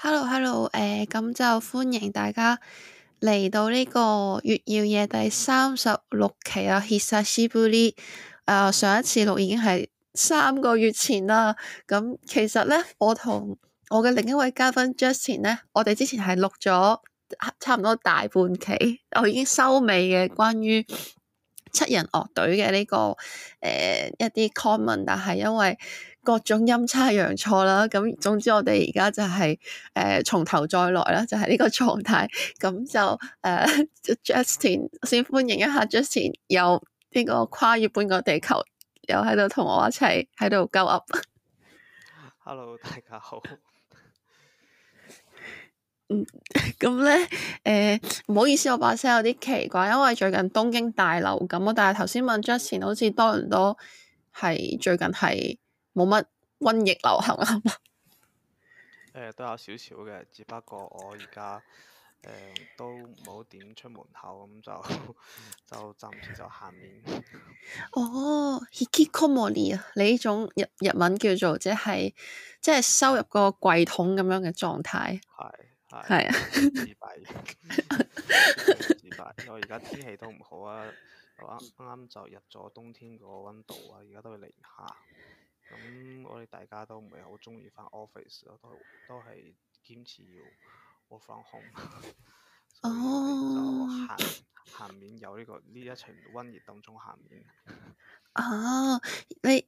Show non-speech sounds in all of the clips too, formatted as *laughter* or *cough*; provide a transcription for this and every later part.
Hello Hello，誒、uh, 咁就歡迎大家嚟到呢個月曜《粵耀夜》第三十六期啊。Hisashiburi 上一次錄已經係三個月前啦，咁其實呢，我同我嘅另一位嘉賓 Justin 呢，我哋之前係錄咗差唔多大半期，我已經收尾嘅關於七人樂隊嘅呢、這個誒、呃、一啲 comment，但係因為各種陰差陽錯啦，咁總之我哋而家就係誒從頭再來啦，就係、是、呢個狀態。咁就誒、呃、Justin，先歡迎一下 Justin，又呢、這個跨越半個地球，又喺度同我一齊喺度鳩噏。Go up *laughs* Hello，大家好。 *laughs* 嗯，咁咧誒，唔、呃、好意思，我把聲有啲奇怪，因為最近東京大流感，我但係頭先問 Justin，好似多倫多係最近係。冇乜瘟疫流行啊嘛，誒、呃、都有少少嘅，只不過我而家誒都冇點出門口，咁、嗯、就就暫時就下面。哦 Hikikomori 啊，你呢種日日文叫做即係即係收入個櫃桶咁樣嘅狀態，係係係啊， *laughs* 自閉替， *laughs* 自閉。我而家天氣都唔好啊，啱啱就入咗冬天個溫度啊，而家都係零下。咁、嗯、我哋大家都唔係好中意返 office，都都係堅持要 work from home。哦， *laughs* 下下、oh. 面有呢、呢個呢一層温熱當中下面。哦，oh.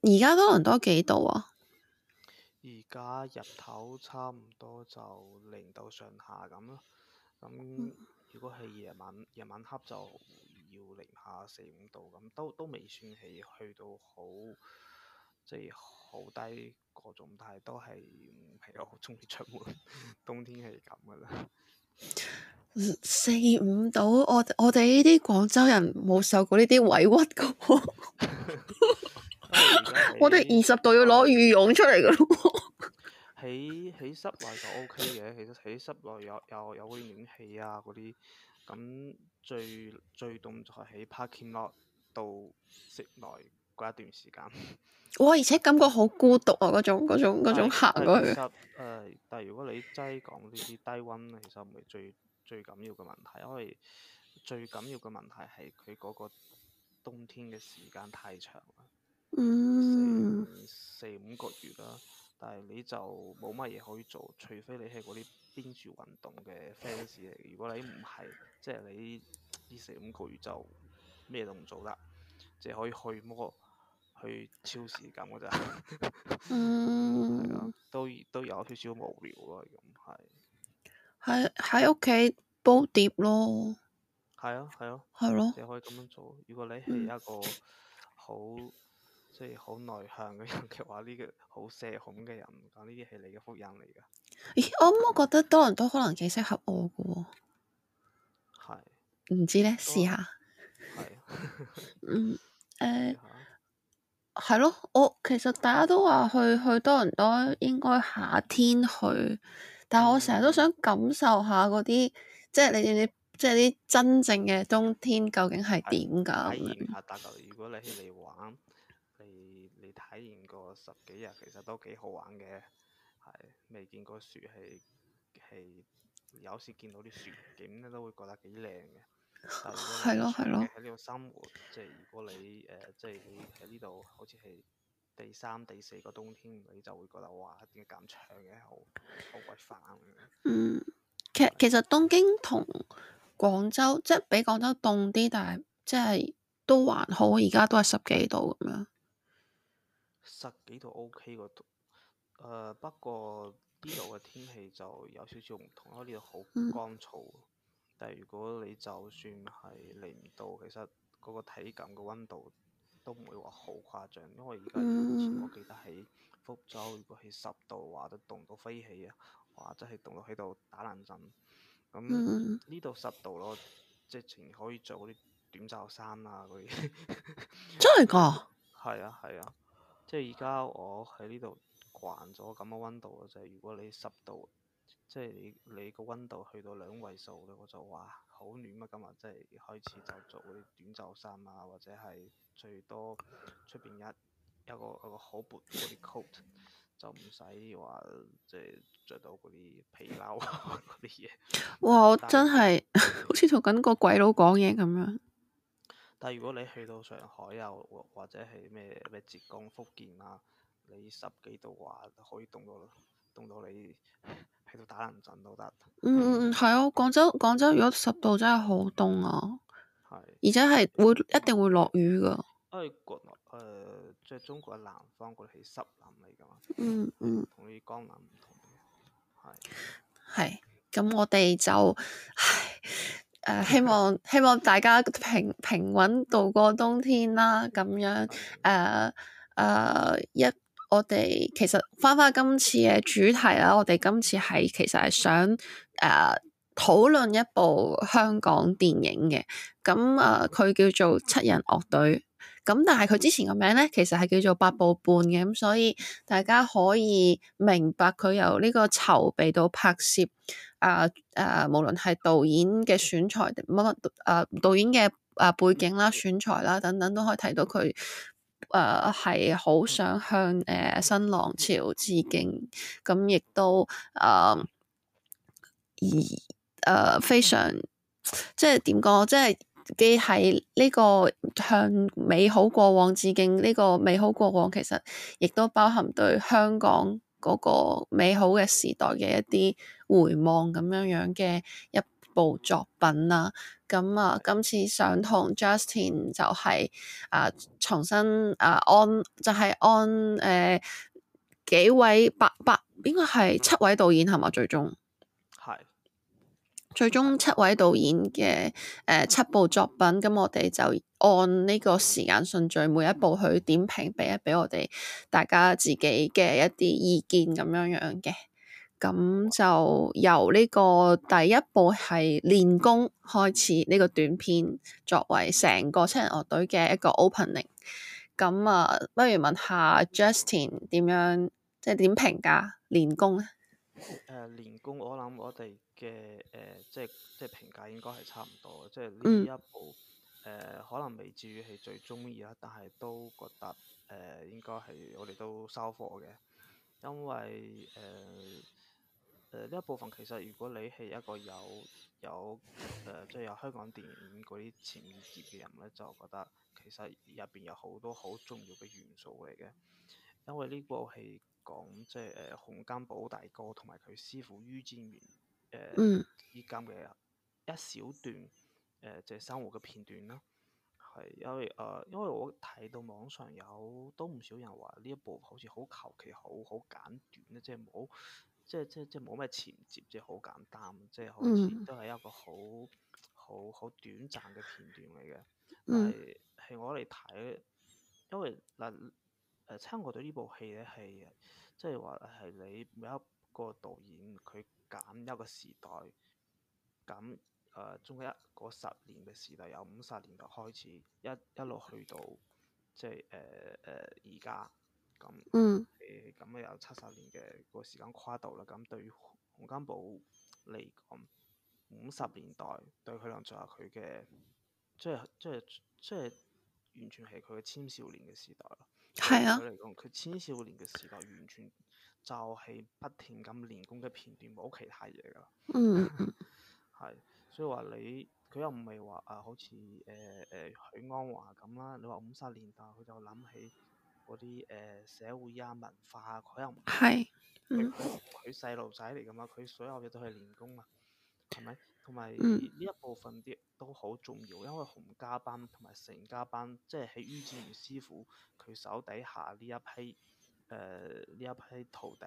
你而家多倫多幾度啊？而家日頭差唔多就零度上下咁咯。咁如果係、mm. 夜晚夜晚黑就要零下四五度咁，都都未算係去到好。即係好低嗰種，但係都係唔係我好中意出門。冬天係咁噶啦，四五度，我我哋呢啲廣州人冇受過呢啲委屈噶喎，我哋二十度要攞羽絨出嚟噶咯。喺喺室內就 OK 嘅，其實喺室內有有有暖氣啊嗰啲，咁最最凍就係喺 parking lot 度室內。過一段時間，哇！而且感覺好孤獨啊，嗰種嗰種嗰種行過去。誒，但係如果你齋講呢啲低溫咧，其實唔係最最緊要嘅問題，因為最緊要嘅問題係佢嗰個冬天嘅時間太長啦，嗯，四五個月啦，但係你就冇乜嘢可以做，除非你係嗰啲冰雪運動嘅 fans 嚟。如果你唔係，即係你呢四五個月就咩都唔做得，即係可以去摸。去超市咁噶咋？嗯，都都有少少無聊咯，咁係。喺喺屋企煲碟咯。係啊，係、啊、咯。係咯。你可以咁樣做，如果你係一個好即係好內向嘅人嘅話，呢、這個好社恐嘅人，咁呢啲係你嘅福音嚟噶。咦，我咁我覺得多倫多可能幾適合我噶喎。係是。唔知咧，試多下。係。啊、 *laughs* 嗯，誒、呃。係咯，我，哦，其實大家都話去去多倫多應該夏天去，但我成日都想感受下嗰啲，嗯，即係你哋啲，即係啲真正嘅冬天究竟係點噶？例如，如果你嚟玩，你你體驗過十幾日，其實都幾好玩嘅。係未見過雪，係係有時見到啲雪景，你都會覺得幾靚嘅。係咯，係咯，喺呢度生活，即係如果你誒、呃，即係喺呢度，好似係第三、第四個冬天，你就會覺得哇，點解咁長嘅，好好鬼煩。嗯，其實其實東京同廣州即係比廣州凍啲，但係即係都還好，而家都係十幾度咁樣。十幾度 OK 嘅，誒、呃，不過呢度嘅天氣就有少少唔同，因為呢度好乾燥。嗯。但係如果你就算係嚟唔到，其實嗰個體感嘅溫度都唔會話好誇張，因為而家以前我記得喺福州，如果喺十度話都凍到飛起啊，話真係凍到喺度打冷震。咁呢度十度咯，直情可以着嗰啲短袖衫啊嗰啲。 *laughs* 真係㗎？係啊係啊，啊，即係而家我喺呢度慣咗咁嘅溫度啊，就係、係、如果你十度。即係你你個温度去到兩位數咧，我就話好暖啊！今日即係開始就做嗰啲短袖衫啊，或者係最多出邊一一個一個，一個好薄嗰啲 coat，就唔使話即係着到嗰啲皮褸嗰啲嘢。 *laughs* *laughs* 是哇！我真係好似同緊個鬼佬講嘢咁樣。 *laughs* 但係如果你去到上海又、啊、或者係咩咩浙江福建啊，你十幾度話可以凍到凍到你。喺度打冷震都得。嗯嗯嗯，係啊，廣州廣州如果十度真係好凍啊！係是，而且係會一定會落雨噶。因為國內誒，即、呃、係、就是、中國嘅南方嗰啲濕冷嚟噶嘛。嗯嗯。嗯，同啲江南唔同。係。係。咁我哋就誒、呃、希望希望大家平平穩度過冬天啦，咁樣誒誒、呃呃、一。我哋其實翻翻今次嘅主題啦，我哋今次係其實係想誒討論一部香港電影嘅，咁誒佢叫做七人樂隊，咁但係佢之前個名咧，其實係叫做八部半嘅，咁所以大家可以明白佢由呢個籌備到拍攝，誒、呃、誒、呃，無論係導演嘅選材乜乜誒導演嘅誒背景啦、選材啦等等，都可以睇到佢。誒，係好、uh, 想向誒、uh, 新浪潮致敬，咁亦都誒，uh, 而誒、呃、非常即係點講，即係既係呢個向美好過往致敬，呢、呢個美好過往其實亦都包含對香港嗰個美好嘅時代嘅一啲回望咁樣樣嘅一。部作品啦，咁啊，今次想同 Justin 就係、是、啊，重新啊，按就係、是、按誒、呃、幾位八八應該係七位導演係嘛？最終係，是最終七位導演嘅誒、呃、七部作品，咁我哋就按呢個時間順序，每一部去點評，俾一俾我哋大家自己嘅一啲意見咁樣樣嘅。咁就由呢個第一部係練功開始，呢、這個短片作為成個七人樂隊嘅一個 opening。咁啊，不如問下 Justin 點樣，即係點評價練功咧？誒、呃，練功我諗我哋嘅誒，即係即係評價應該係差唔多，即係呢一部誒、呃，可能未至於係最中意啦，但係都覺得誒、呃，應該係我哋都收貨嘅，因為誒。呃誒呢、呃、一部分其實，如果你係一個有有誒即係有香港電影嗰啲情結嘅人咧，就覺得其實入邊有好多好重要嘅元素嚟嘅，因為呢部係講即係誒洪金寶大哥同埋佢師傅於占元誒之間嘅一小段誒即係生活嘅片段啦。係因為誒、呃，因為我睇到網上有都唔少人話呢一部好似好求其、好好簡短咧，即係冇。即係即係即係冇咩前接，即係好簡單，即係好似都係一個好好好短暫嘅片段嚟嘅。但係喺我嚟睇，因為嗱誒，差唔多對呢部戲咧係即係話係你每一個導演佢揀一個時代，咁誒、呃、中間一個十年嘅時代，由五十年代開始一一路去到即係誒誒而家。呃呃咁，誒、嗯，咁啊、嗯、有七十年嘅個時間跨度啦。咁對於洪金寶嚟講，五十年代對佢嚟講就係佢嘅，即係即係即係完全係佢嘅青少年嘅時代咯。係啊，佢嚟講佢青少年嘅時代完全就係不停咁練功嘅片段，冇其他嘢噶啦。嗯，係， *laughs* 所以話你佢又唔係話誒，好似誒誒許鞍華咁啦。你話五十年代佢就諗起。嗰啲誒社會啊文化啊，佢又唔係佢細路仔嚟噶嘛，佢所有嘢都係練功啊，係咪？同埋呢一部分啲都好重要，因為洪家班同埋成家班，即係喺于志源師傅佢手底下呢一批誒呢、呃、一批徒弟，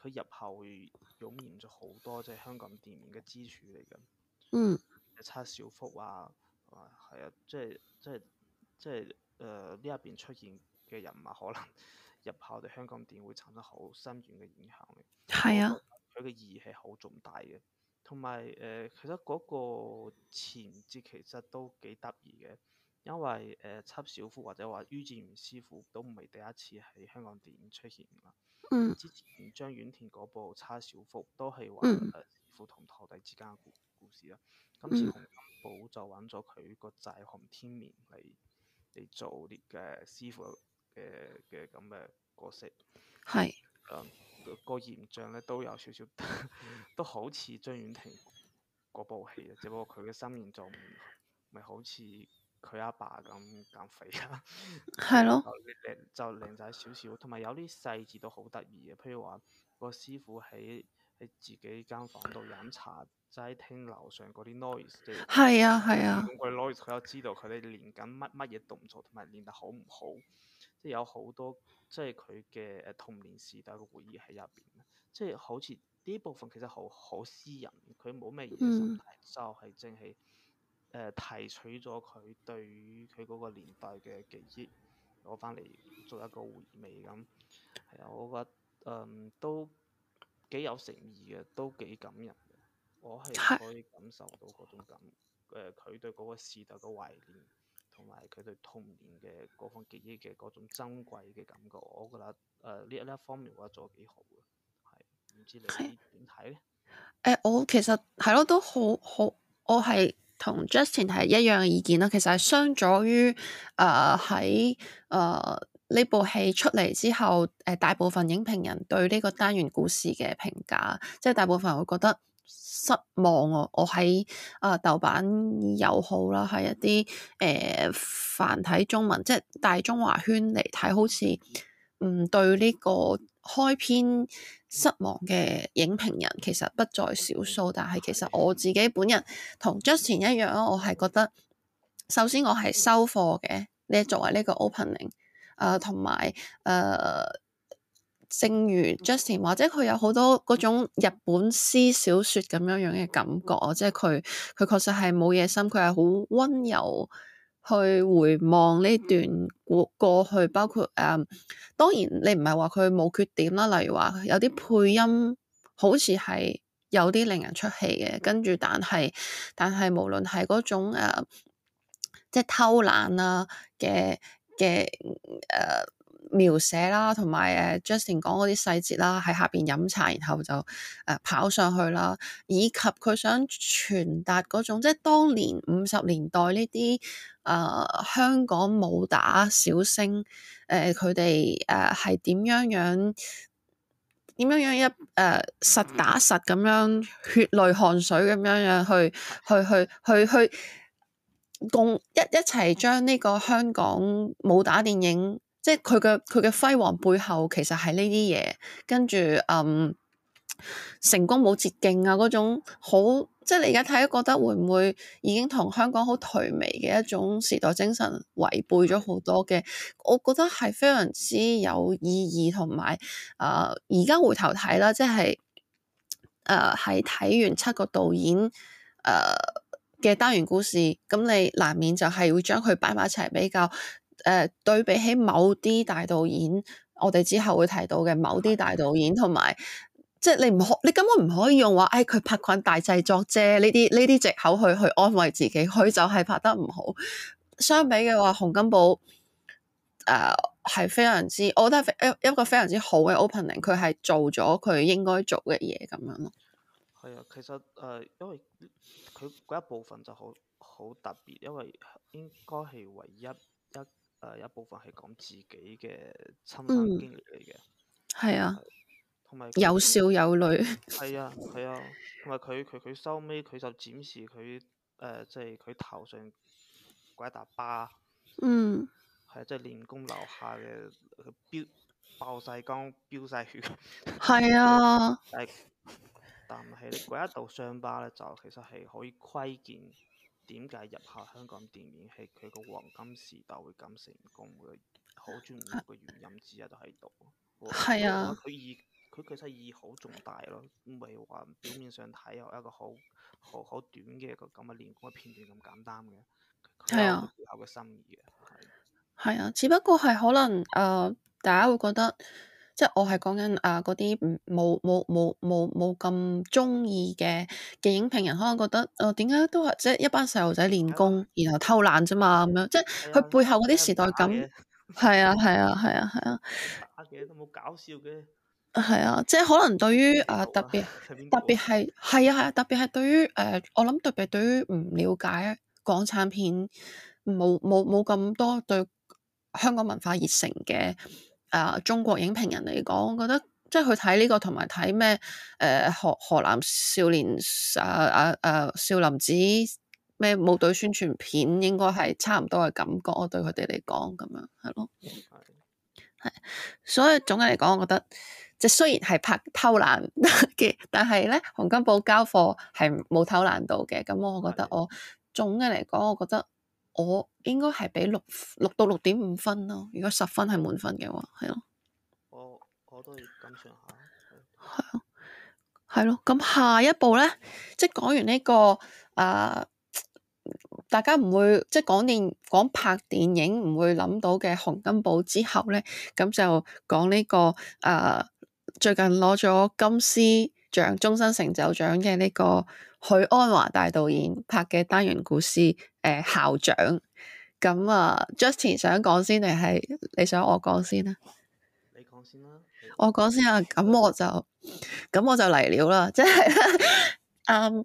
佢入後湧現咗好多即係、就是、香港電影嘅支柱嚟噶。嗯，七小福啊，係啊，啊，啊，啊，啊，啊，即係即係即係誒呢一邊出現嘅人物可能入校對香港電影會產生好深遠嘅影響。係啊，佢嘅、呃、意義係好重大嘅。同埋誒，其實嗰個前節其實都幾得意嘅，因為誒《七、呃、小福》或者話于占元師傅都唔係第一次喺香港電影出現啦。嗯。之前張婉婷嗰部《七小福》都係話師傅同徒弟之間嘅故事啦。今次洪金寶就揾咗佢個仔洪天明嚟嚟做啲嘅師傅。嘅嘅咁嘅角色，係是，誒、嗯、個，個形象咧都有少少， *laughs* 都好似張婉婷嗰部戲，只不過佢嘅身形仲咪好似佢阿爸咁減肥啊，係咯， *laughs* 爸爸就靚仔少少，同埋有啲細節都好得意嘅，譬如話，個師傅喺喺自己間房度飲茶，齋聽樓上嗰啲 noise，係啊係啊，佢、啊、noise 佢又知道佢哋練緊乜乜嘢動作，同埋練得好唔好。即係有好多，即係佢嘅童年時代嘅回憶喺入邊，即係好似呢部分其實好好私人，佢冇咩延伸，就係淨係誒提取咗佢對佢嗰個年代嘅記憶，攞翻嚟做一個回味咁。係啊，我覺得誒、嗯、都幾有誠意嘅，都幾感人嘅。我係可以感受到嗰種感，誒、呃、佢對嗰個時代嘅懷念。同埋佢對童年嘅嗰種記憶嘅嗰種珍貴嘅感覺，我覺得誒、呃、呢一方面嘅做咗幾好嘅。係唔知你點睇咧？誒、欸，我其實係咯，都好好，我係同 Justin 係一樣嘅意見啦。其實係相左於誒喺誒呢部戲出嚟之後，誒、呃、大部分影評人對呢個單元故事嘅評價，即、就、係、是、大部分人會覺得。失望，我、啊，我喺啊豆瓣又好啦，喺一啲誒、呃、繁體中文，即係大中華圈嚟睇好似唔對呢個開篇失望嘅影評人，其實不在少數。但係其實我自己本人同 Justin 一樣，我係覺得，首先我係收貨嘅，呢作為呢個 opening，同埋、呃。正如 Justin 或者佢有好多嗰種日本私小說咁樣樣嘅感覺，即係佢佢確實係冇野心，佢係好溫柔去回望呢段過過去，包括誒、呃，當然你唔係話佢冇缺點啦，例如話有啲配音好似係有啲令人出戲嘅，跟住但係但係無論係嗰種誒、呃、即係偷懶啊嘅嘅誒。描寫啦，同埋誒 Justin 講嗰啲細節啦，喺下邊飲茶，然後就誒跑上去啦，以及佢想傳達嗰種，即係當年五十年代呢啲誒香港武打小星，誒佢哋誒係點樣樣，點樣樣一誒、呃、實打實咁樣血淚汗水咁樣樣去去去去去共一一齊將呢個香港武打電影。即係佢嘅佢嘅輝煌背後，其實係呢啲嘢，跟住嗯，成功冇捷徑啊嗰種好，即係你而家睇覺得會唔會已經同香港好頹靡嘅一種時代精神違背咗好多嘅？我覺得係非常之有意義同埋，誒而家回頭睇啦，即係誒喺睇完七個導演誒嘅、呃、單元故事，咁你難免就係會將佢擺埋一齊比較。誒、呃，對比起某啲大導演，我哋之後會提到嘅某啲大導演，同埋即係你唔可，你根本唔可以用話，誒、哎，佢拍緊大製作啫，呢啲呢啲借口去去安慰自己，佢就係拍得唔好。相比嘅話，洪金寶誒係非常之，我覺得係一一個非常之好嘅 opening，佢係做咗佢應該做嘅嘢咁樣咯。係啊，其實誒、呃，因為佢嗰一部分就好好特別，因為應該係唯一。誒，有、uh, 一部分係講自己嘅親身經歷嚟嘅，係、嗯、啊，同埋、嗯、有，有笑有淚、嗯，係啊係啊，同埋佢佢佢收尾佢就展示佢，誒，即係佢頭上掛一笪疤，嗯，係即係練功留下嘅飆爆晒缸飆晒血，係啊，但係嗰一度傷疤咧就其實係可以窺見。點解入下香港電影係佢個黃金時代會咁成功嘅？好專業嘅原因之一都喺度。係啊，佢意佢其實意義好重大咯，唔係話表面上睇有一個好好好短嘅一個咁嘅連貫片段咁簡單嘅。係啊，有個心意嘅。係啊，只不過係可能誒、呃，大家會覺得。即係我係講緊啊嗰啲唔冇冇冇冇冇咁中意嘅嘅影評人，可能覺得誒，點解都係即係一班細路仔練功，啊、然後偷懶啫嘛咁樣，啊、即係佢背後嗰啲時代感。係啊係啊係啊係啊。啊啊啊打嘅都冇搞笑嘅。係啊，即係可能對於啊特別、啊、特別係係啊係啊特別係對於誒、呃、我諗特別對於唔了解港產片冇冇冇咁多對香港文化熱誠嘅。啊！中國影評人嚟講，我覺得即係佢睇呢個同埋睇咩？誒，河河南少年啊啊啊少林寺咩武隊宣傳片，應該係差唔多嘅感覺。我對佢哋嚟講，咁樣係咯，係。所以總嘅嚟講，我覺得即係雖然係拍偷懶嘅，但係咧，洪金寶交貨係冇偷懶到嘅。咁我覺得，我總嘅嚟講，我覺得。的我應該係俾六六到六點五分咯。如果十分係滿分嘅話，係咯。我我都要咁上下。係咯，係咯。咁下一步呢？即係講完呢、這個、呃、大家唔會即係講電講拍電影唔會諗到嘅《洪金寶》之後呢，咁就講呢、這個、呃、最近攞咗金獅獎終身成就獎嘅呢個許鞍華大導演拍嘅單元故事誒，校長。咁啊 Justin 想講先定係你想我講先啊？你講先啦，我講先啊，咁我就咁我就嚟料啦，即係嗯，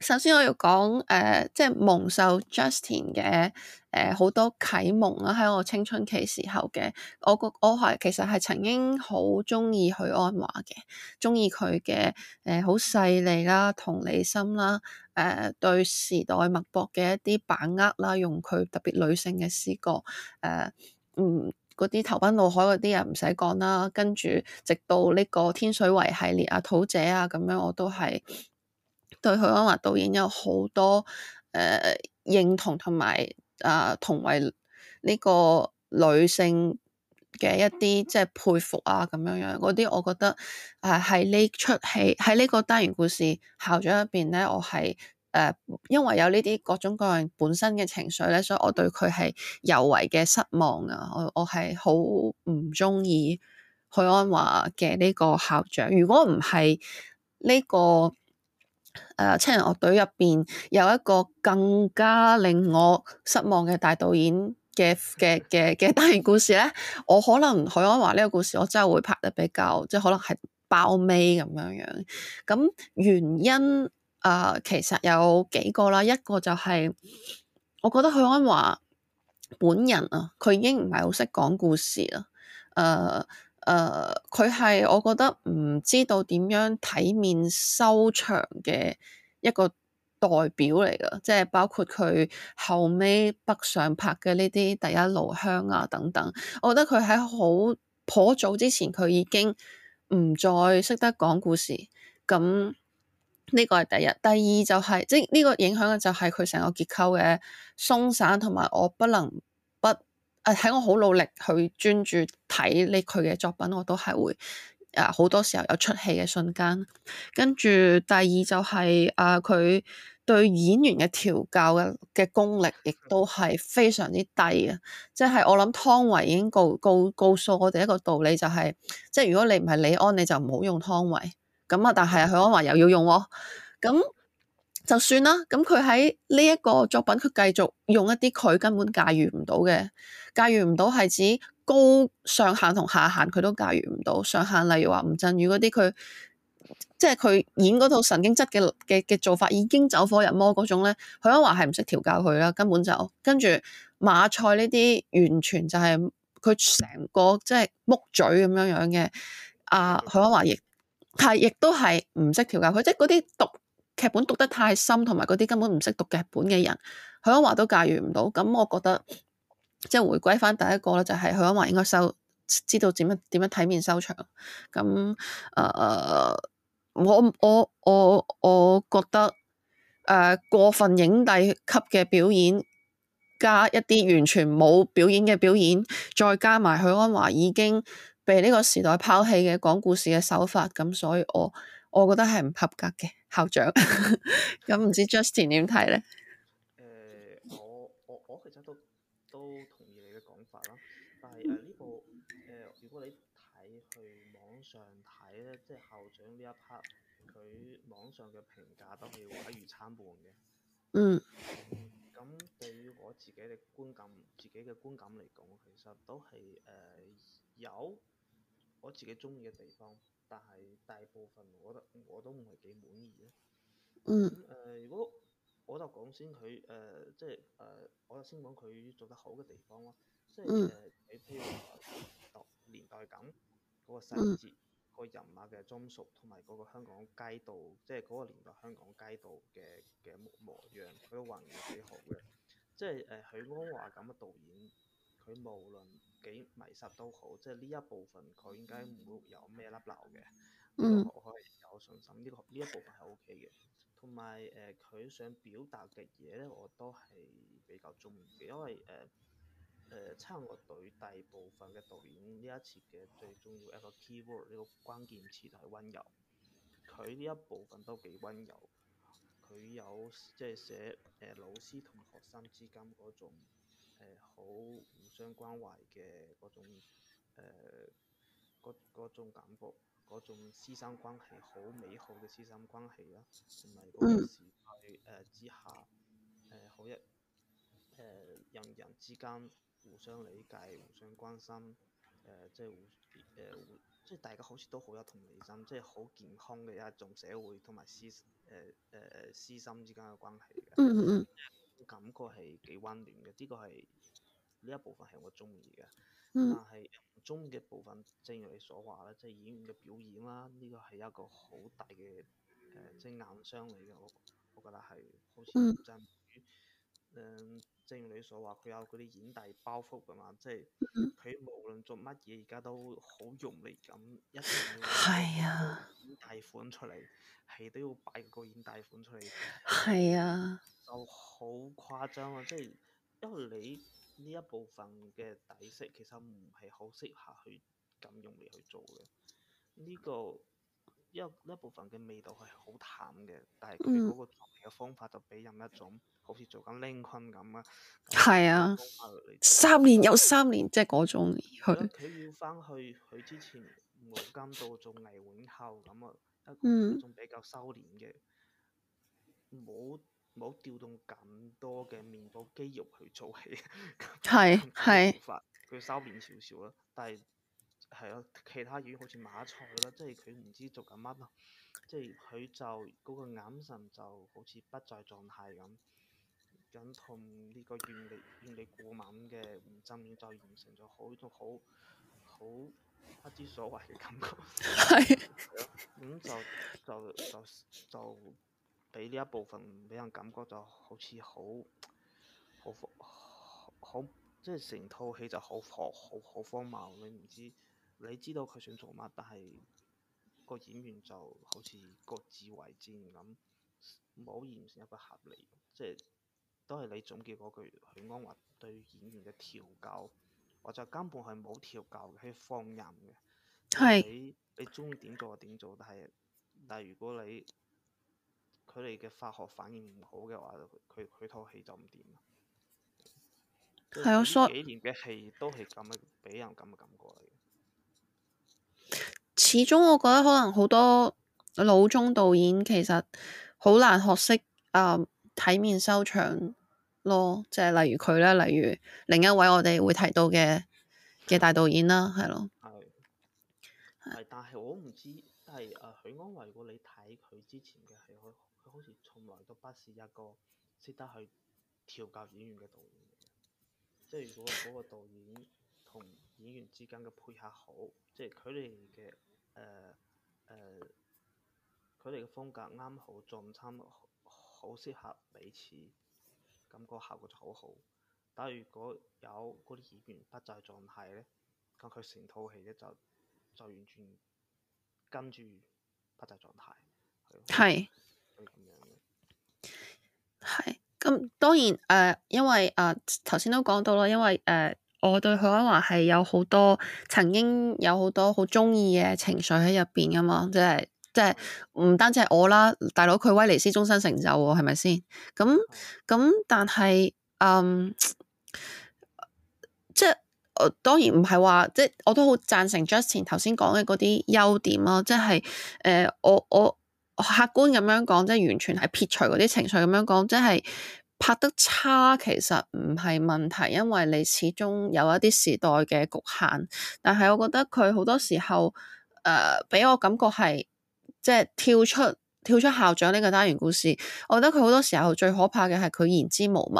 首先我要講誒，即、呃、係、就是、蒙受 Justin 嘅。誒好多啟蒙啦，喺我青春期時候嘅我個我係其實係曾經好中意許鞍華嘅，中意佢嘅誒好細膩啦、同理心啦、誒、呃、對時代脈搏嘅一啲把握啦，用佢特別女性嘅視角誒、呃，嗯嗰啲投奔怒海嗰啲人唔使講啦。跟住直到呢、這個天水圍系列啊、桃姐啊咁樣，我都係對許鞍華導演有好多誒、呃、認同同埋，啊，同為呢個女性嘅一啲即係佩服啊，咁樣樣嗰啲，我覺得誒喺呢出戲喺呢個單元故事校長入邊咧，我係誒、啊、因為有呢啲各種各樣本身嘅情緒咧，所以我對佢係尤為嘅失望啊！我我係好唔中意許鞍華嘅呢個校長。如果唔係呢個。誒，七、呃、人樂隊入邊有一個更加令我失望嘅大導演嘅嘅嘅嘅單元故事咧，我可能許鞍華呢個故事，我真係會拍得比較即係可能係包尾咁樣樣。咁原因誒、呃，其實有幾個啦，一個就係、是、我覺得許鞍華本人啊，佢已經唔係好識講故事啦，誒、呃。誒，佢係、呃、我覺得唔知道點樣體面收場嘅一個代表嚟嘅，即係包括佢後尾北上拍嘅呢啲《第一爐香》啊等等，我覺得佢喺好頗早之前佢已經唔再識得講故事，咁呢個係第一，第二就係、是、即係呢個影響嘅就係佢成個結構嘅鬆散，同埋我不能。誒喺我好努力去專注睇呢佢嘅作品，我都係會誒好、啊、多時候有出戲嘅瞬間。跟住第二就係誒佢對演員嘅調教嘅嘅功力亦都係非常之低啊！即、就、係、是、我諗湯唯已經告告告，告訴我哋一個道理、就是，就係即係如果你唔係李安，你就唔好用湯唯咁啊。但係許鞍華又要用喎、哦、咁。就算啦，咁佢喺呢一個作品，佢繼續用一啲佢根本駕馭唔到嘅，駕馭唔到係指高上限同下限，佢都駕馭唔到。上限例如話吳鎮宇嗰啲，佢即係佢演嗰套神經質嘅嘅嘅做法，已經走火入魔嗰種咧。許鞍華係唔識調教佢啦，根本就跟住馬賽呢啲，完全就係佢成個即係木嘴咁樣樣嘅。啊，許鞍華亦係亦都係唔識調教佢，即係嗰啲毒劇本讀得太深，同埋嗰啲根本唔識讀劇本嘅人，許鞍華都駕馭唔到。咁我覺得即係回歸返第一個啦，就係、是、許鞍華應該收知道點樣點樣體面收場。咁誒、呃，我我我我覺得誒、呃、過分影帝級嘅表演，加一啲完全冇表演嘅表演，再加埋許鞍華已經被呢個時代拋棄嘅講故事嘅手法，咁所以我我覺得係唔合格嘅。校長，咁唔知 Justin 點睇咧？誒、呃，我我我其實都都同意你嘅講法啦。但係誒呢部，誒、呃，如果你睇去網上睇咧，即係校長呢一 part，佢網上嘅評價都係毀譽參半嘅。嗯。咁、嗯、對於我自己嘅觀感，自己嘅觀感嚟講，其實都係誒、呃、有我自己中意嘅地方。但係大部分我覺得我都唔係幾滿意咯。嗯。誒、呃，如果我就講先佢誒、呃，即係誒、呃，我就先講佢做得好嘅地方咯。即係誒，你、呃、譬如話年代感，嗰、嗰個細節，嗰個人馬嘅裝束，同埋嗰個香港街道，即係嗰個年代香港街道嘅嘅模樣，佢個環境幾好嘅。即係誒，許鞍華咁嘅導演。佢無論幾迷失都好，即係呢一部分佢應該唔會有咩甩漏嘅，嗯、我可以有信心呢、呢個呢一部分係 O.K. 嘅。同埋誒，佢、呃、想表達嘅嘢咧，我都係比較中意嘅，因為誒誒差我隊大部分嘅導演呢一次嘅最重要一個 key word 呢個關鍵詞就係溫柔，佢呢一部分都幾溫柔，佢有即係寫誒、呃、老師同學生之間嗰種。誒，好、呃、互相關懷嘅嗰種誒，呃、種感覺，嗰種師生關係好美好嘅師生關係啦、啊，同埋嗰個時代誒、呃、之下，誒、呃、好一誒、呃、人人之間互相理解、互相關心，誒、呃、即係誒、呃、即係大家好似都好有同理心，即係好健康嘅一種社會同埋師誒誒誒師生之間嘅關係、啊。嗯 *laughs* 感覺係幾温暖嘅，呢、這個係呢一部分係我中意嘅。但係、嗯、中嘅部分，正如你所話啦，即係演員嘅表演啦，呢、這個係一個好大嘅、呃、即係硬傷嚟嘅。我我覺得係好似真。誒、嗯嗯，正如你所話，佢有嗰啲演大包袱㗎嘛，即係佢、嗯、無論做乜嘢而家都好用力咁，一定要演大款出嚟，係都要擺個演大款出嚟。係的啊。 *laughs* 就好誇張啊！即係因為你呢一部分嘅底色其實唔係好適合去咁用嚟去做嘅，呢、這個因為呢一部分嘅味道係好淡嘅，但係佢嗰個做嘅方法就俾人一種、嗯、好似做緊靈昆咁啊！係啊，三年有三年，即係嗰種佢要翻去佢之前無間道做藝玩後咁啊，一種比較收斂嘅，冇、嗯。冇調動咁多嘅面部肌肉去做戲，係 *laughs* 係。佢收斂少少啦。但係係咯。其他演好似馬賽啦，即係佢唔知做緊乜，即係佢就嗰個眼神就好似不在狀態咁，咁同呢個演力演力過猛嘅吳鎮宇就形成咗好種好好不知所謂嘅感覺。係。咁就就就就。就就就喺呢一部分俾人感覺就好似好好好，即係成套戲就好方好好，好，好荒謬。你唔知，你知道佢想做乜，但係個演員就好似各自為戰咁，冇形成一個合理。即係都係你總結嗰句許鞍華對演員嘅調教，我就根本係冇調教，嘅，係放任嘅。係。你你鍾意點做就點做，但係但係如果你。佢哋嘅化學反應唔好嘅話，佢佢套戲就唔掂。係啊，所幾年嘅戲都係咁嘅，俾人咁嘅感覺嚟。始終我覺得可能好多老中導演其實好難學識啊，體、呃、面收場咯，即係例如佢咧，例如另一位我哋會提到嘅嘅大導演啦，係咯。係。但係我唔知係啊許安為過你睇佢之前嘅戲好似從來都不是一個識得去調教演員嘅導演嚟嘅，即係如果嗰個導演同演員之間嘅配合好，即係佢哋嘅誒誒，佢哋嘅風格啱好，狀態好適合彼此，咁個效果就好好。但係如果有嗰啲演員不在狀態咧，咁佢成套戲咧就就完全跟住不在狀態係。係，咁、嗯、當然誒、呃，因為誒頭先都講到咯，因為誒、呃、我對許鞍華係有好多曾經有好多好中意嘅情緒喺入邊噶嘛，即係即係唔單止係我啦，大佬佢威尼斯終身成就喎、哦，係咪先？咁、嗯、咁、嗯、但係嗯，即係我、呃、當然唔係話，即係我都好贊成 Justin 頭先講嘅嗰啲優點咯，即係誒我我。我客觀咁樣講，即係完全係撇除嗰啲情緒咁樣講，即係拍得差其實唔係問題，因為你始終有一啲時代嘅局限。但係我覺得佢好多時候誒俾、呃、我感覺係即係跳出跳出校長呢個單元故事，我覺得佢好多時候最可怕嘅係佢言之無物，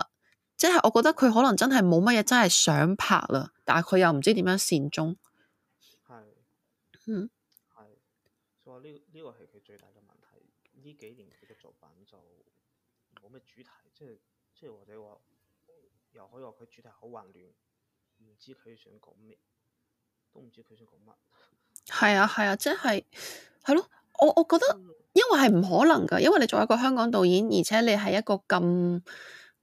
即係我覺得佢可能真係冇乜嘢真係想拍啦，但係佢又唔知點樣善終。係，嗯，係，所以呢呢個係佢最大嘅問題。呢幾年佢嘅作品就冇咩主題，即係即係或者話又可以話佢主題好混亂，唔知佢想講咩，都唔知佢想講乜。係啊係啊，即係係咯，我我覺得因為係唔可能噶，因為你作為一個香港導演，而且你係一個咁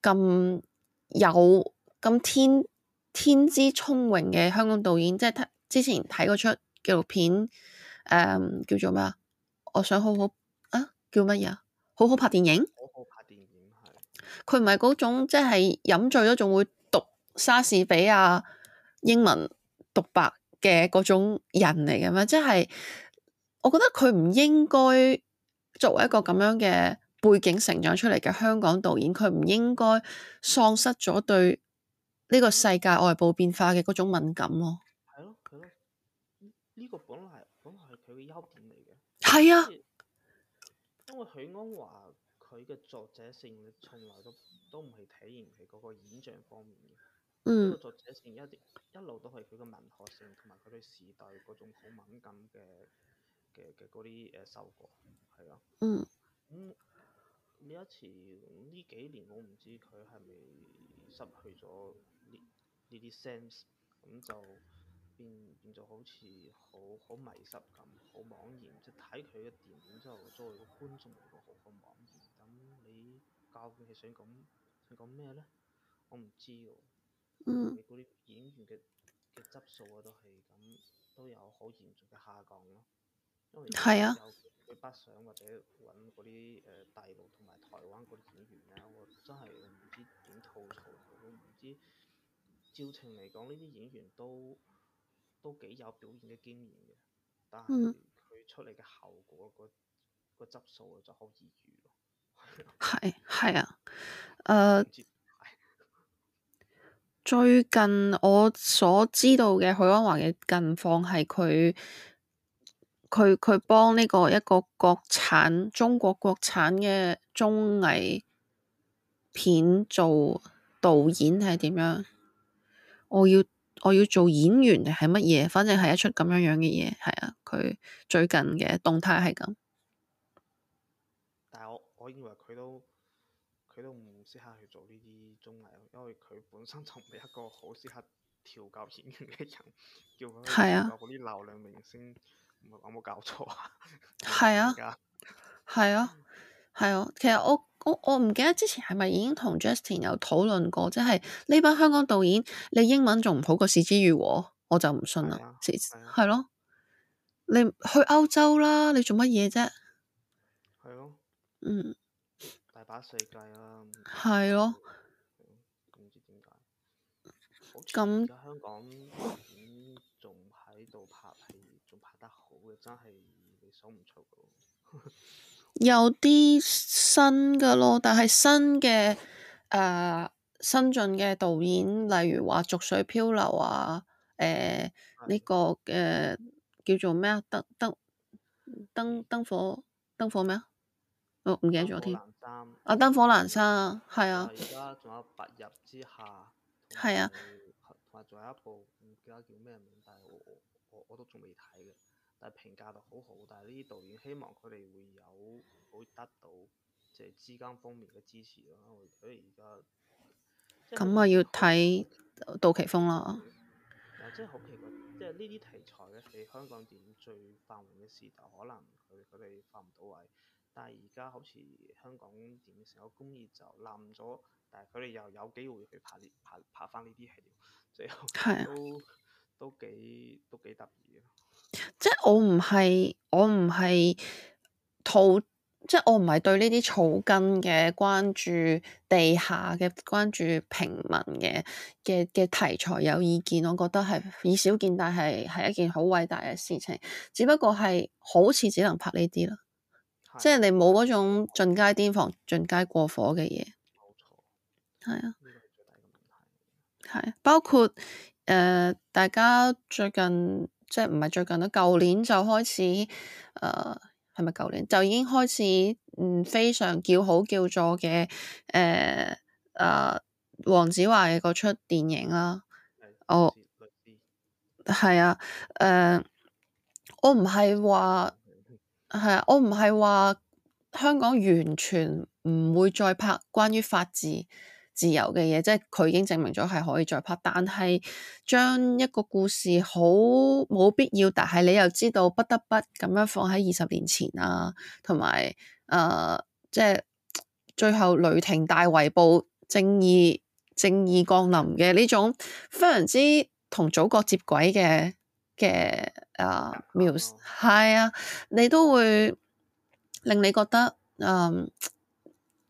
咁有咁天天資聰穎嘅香港導演，即係之前睇嗰出紀錄片、嗯，叫做咩啊？我想好好。叫乜嘢？好好拍電影，好好拍電影係。佢唔係嗰種即係飲醉咗，仲會讀莎士比亞英文獨白嘅嗰種人嚟嘅咩？即係我覺得佢唔應該作為一個咁樣嘅背景成長出嚟嘅香港導演，佢唔應該喪失咗對呢個世界外部變化嘅嗰種敏感咯。係咯係咯，呢個本來係本來係佢嘅優點嚟嘅。係啊。因為許鞍華佢嘅作者性，從來都都唔係體現喺嗰個影像方面嘅。嗯。呢個作者性一啲一路都係佢嘅文學性，同埋佢對時代嗰種好敏感嘅嘅嘅嗰啲誒受過，係咯。呃啊、嗯。咁呢一次呢幾年，我唔知佢係咪失去咗呢呢啲 sense，咁、嗯、就。變變咗好似好好迷失咁，好茫然。即睇佢嘅電影之後，作為個觀眾嚟講，好個茫然。咁你教佢係想講想講咩咧？我唔知喎。嗯。你嗰啲演員嘅嘅質素啊，都係咁，都有好嚴重嘅下降咯。係啊。有北上或者揾嗰啲誒大陸同埋台灣嗰啲演員啊，我真係唔知點吐槽，我唔知。照程嚟講，呢啲演員都。都幾有表現嘅經驗嘅，但佢出嚟嘅效果，個、嗯、個質素就好易預，係 *laughs* 係啊。誒、呃，知 *laughs* 最近我所知道嘅許鞍華嘅近況係佢佢佢幫呢個一個國產中國國產嘅綜藝片做導演，係點樣？我要。我要做演員定係乜嘢？反正係一出咁樣樣嘅嘢，係啊，佢最近嘅動態係咁。但係我我認為佢都佢都唔適合去做呢啲綜藝，因為佢本身就唔係一個好適合調教演員嘅人。叫佢調教嗰啲流量明星，有冇、啊、搞錯 *laughs* 啊。係啊。係啊。係啊，其實我我我唔記得之前係咪已經同 Justin 有討論過，即係呢班香港導演，你英文仲唔好過史之遇喎，我就唔信啦，係咯，你去歐洲啦，你做乜嘢啫？係咯的，嗯，大把世界啦。係咯。唔知點解。咁。嗯、香港片仲喺度拍戲，係仲拍得好嘅，真係你所唔措嘅。 *laughs* 有啲新嘅咯，但係新嘅，誒、呃，新晉嘅導演，例如話《逐水漂流》啊，誒、呃，呢的、這個嘅、呃、叫做咩、哦、啊？燈燈燈燈火燈火咩啊？我唔記得咗添。啊！燈火闌珊，係啊。而家仲有白日之下。係啊。同埋仲有一部唔記得叫咩名，但係我我，我，我都仲未睇嘅。係評價到好好，但係呢啲導演希望佢哋會有會得到即係、就是、資金方面嘅支持咯。佢而家咁啊，就是、要睇杜琪峰咯。即真好奇怪，即係呢啲題材嘅係香港電影最繁榮嘅時代，可能佢佢哋發唔到位。但係而家好似香港電影成個工業就冧咗，但係佢哋又有機會去拍呢拍拍翻呢啲戲，即、就、係、是、都的都幾都幾特別咯。即係我唔係，我唔係土，即係我唔係對呢啲草根嘅關注、地下嘅關注、平民嘅嘅嘅題材有意見。我覺得係以小見大，係係一件好偉大嘅事情。只不過係好似只能拍呢啲啦，的即係你冇嗰種進階癲房進階過火嘅嘢。冇錯，係啊，係的包括誒、呃，大家最近。即係唔係最近啦，舊年就開始，誒、呃，係咪舊年就已經開始嗯非常叫好叫座嘅，誒、呃，誒、呃，黃子華嘅嗰出電影啦的、oh, 呃，我係啊，誒，我唔係話係，我唔係話香港完全唔會再拍關於法治。自由嘅嘢，即係佢已經證明咗係可以再拍，但係將一個故事好冇必要，但係你又知道不得不咁樣放喺二十年前啊，同埋誒，即係最後雷霆大圍捕，正義正義降臨嘅呢種非常之同祖國接軌嘅嘅誒 news，係啊，你都會令你覺得誒。呃